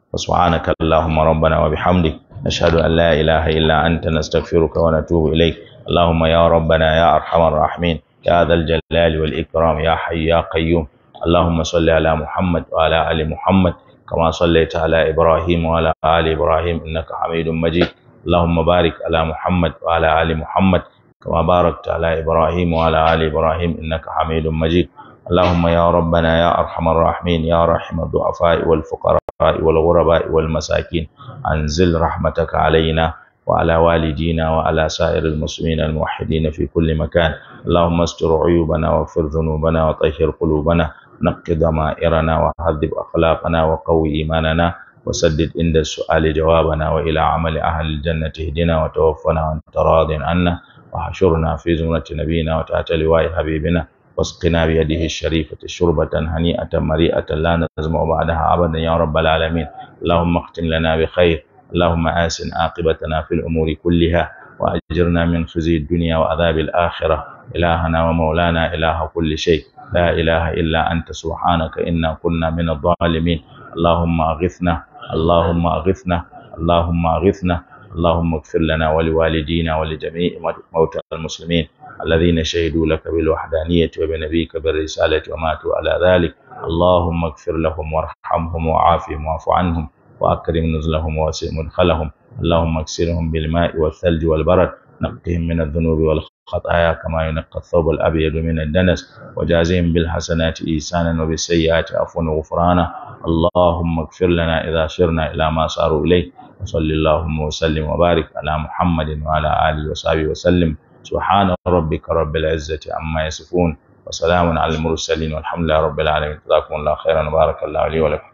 Speaker 1: subhanaka allahumma rabbana wa bihamdik nashhadu an la ilaha illa anta nastaghfiruka wa na natubu ilai. allahumma ya rabbana ya arhamar rahmin. ya dhal jalali wal ikram ya hayy ya qayyum Allahuma salli ala muhammad wa ali muhammad kama sallaita ala ibrahim wa ali ibrahim innaka hamidum majid allahumma barik ala muhammad wa ala ali muhammad كما Ibrahim على إبراهيم وعلى آل إبراهيم إنك حميد مجيد اللهم يا ربنا يا أرحم الراحمين يا رحم الضعفاء والفقراء والغرباء والمساكين أنزل رحمتك علينا وعلى والدينا وعلى سائر المسلمين الموحدين في كل مكان اللهم استر عيوبنا واغفر ذنوبنا وطهر قلوبنا نق ضمائرنا وهذب أخلاقنا وقوي إيماننا وسدد عند السؤال جوابنا وإلى عمل أهل الجنة اهدنا وتوفنا وانت راض عنا وحشرنا في زمرة نبينا وتاتى لواء حبيبنا واسقنا بيده الشريفة شربة هنيئة مريئة لا نزمع بعدها أبدا يا رب العالمين اللهم اختم لنا بخير اللهم آسن عاقبتنا في الأمور كلها وأجرنا من خزي الدنيا وعذاب الآخرة إلهنا ومولانا إله كل شيء لا إله إلا أنت سبحانك إنا كنا من الظالمين اللهم أغثنا اللهم أغثنا اللهم أغثنا اللهم اغفر لنا ولوالدينا ولجميع موتى المسلمين الذين شهدوا لك بالوحدانية وبنبيك بالرسالة وماتوا على ذلك اللهم اغفر لهم وارحمهم وعافهم واعف عنهم وأكرم نزلهم ووسع مدخلهم اللهم اكسرهم بالماء والثلج والبرد نقهم من الذنوب والخطايا كما ينقى الثوب الأبيض من الدنس وجازهم بالحسنات إيسانا وبالسيئات عفوا وغفرانا اللهم اغفر لنا إذا سرنا إلى ما صاروا إليه وصلى اللهم وسلم وبارك على محمد وعلى آله وصحبه وسلم سبحان ربك رب العزة عما يصفون وسلام على المرسلين والحمد لله رب العالمين جزاكم الله خيرا وبارك الله لي ولكم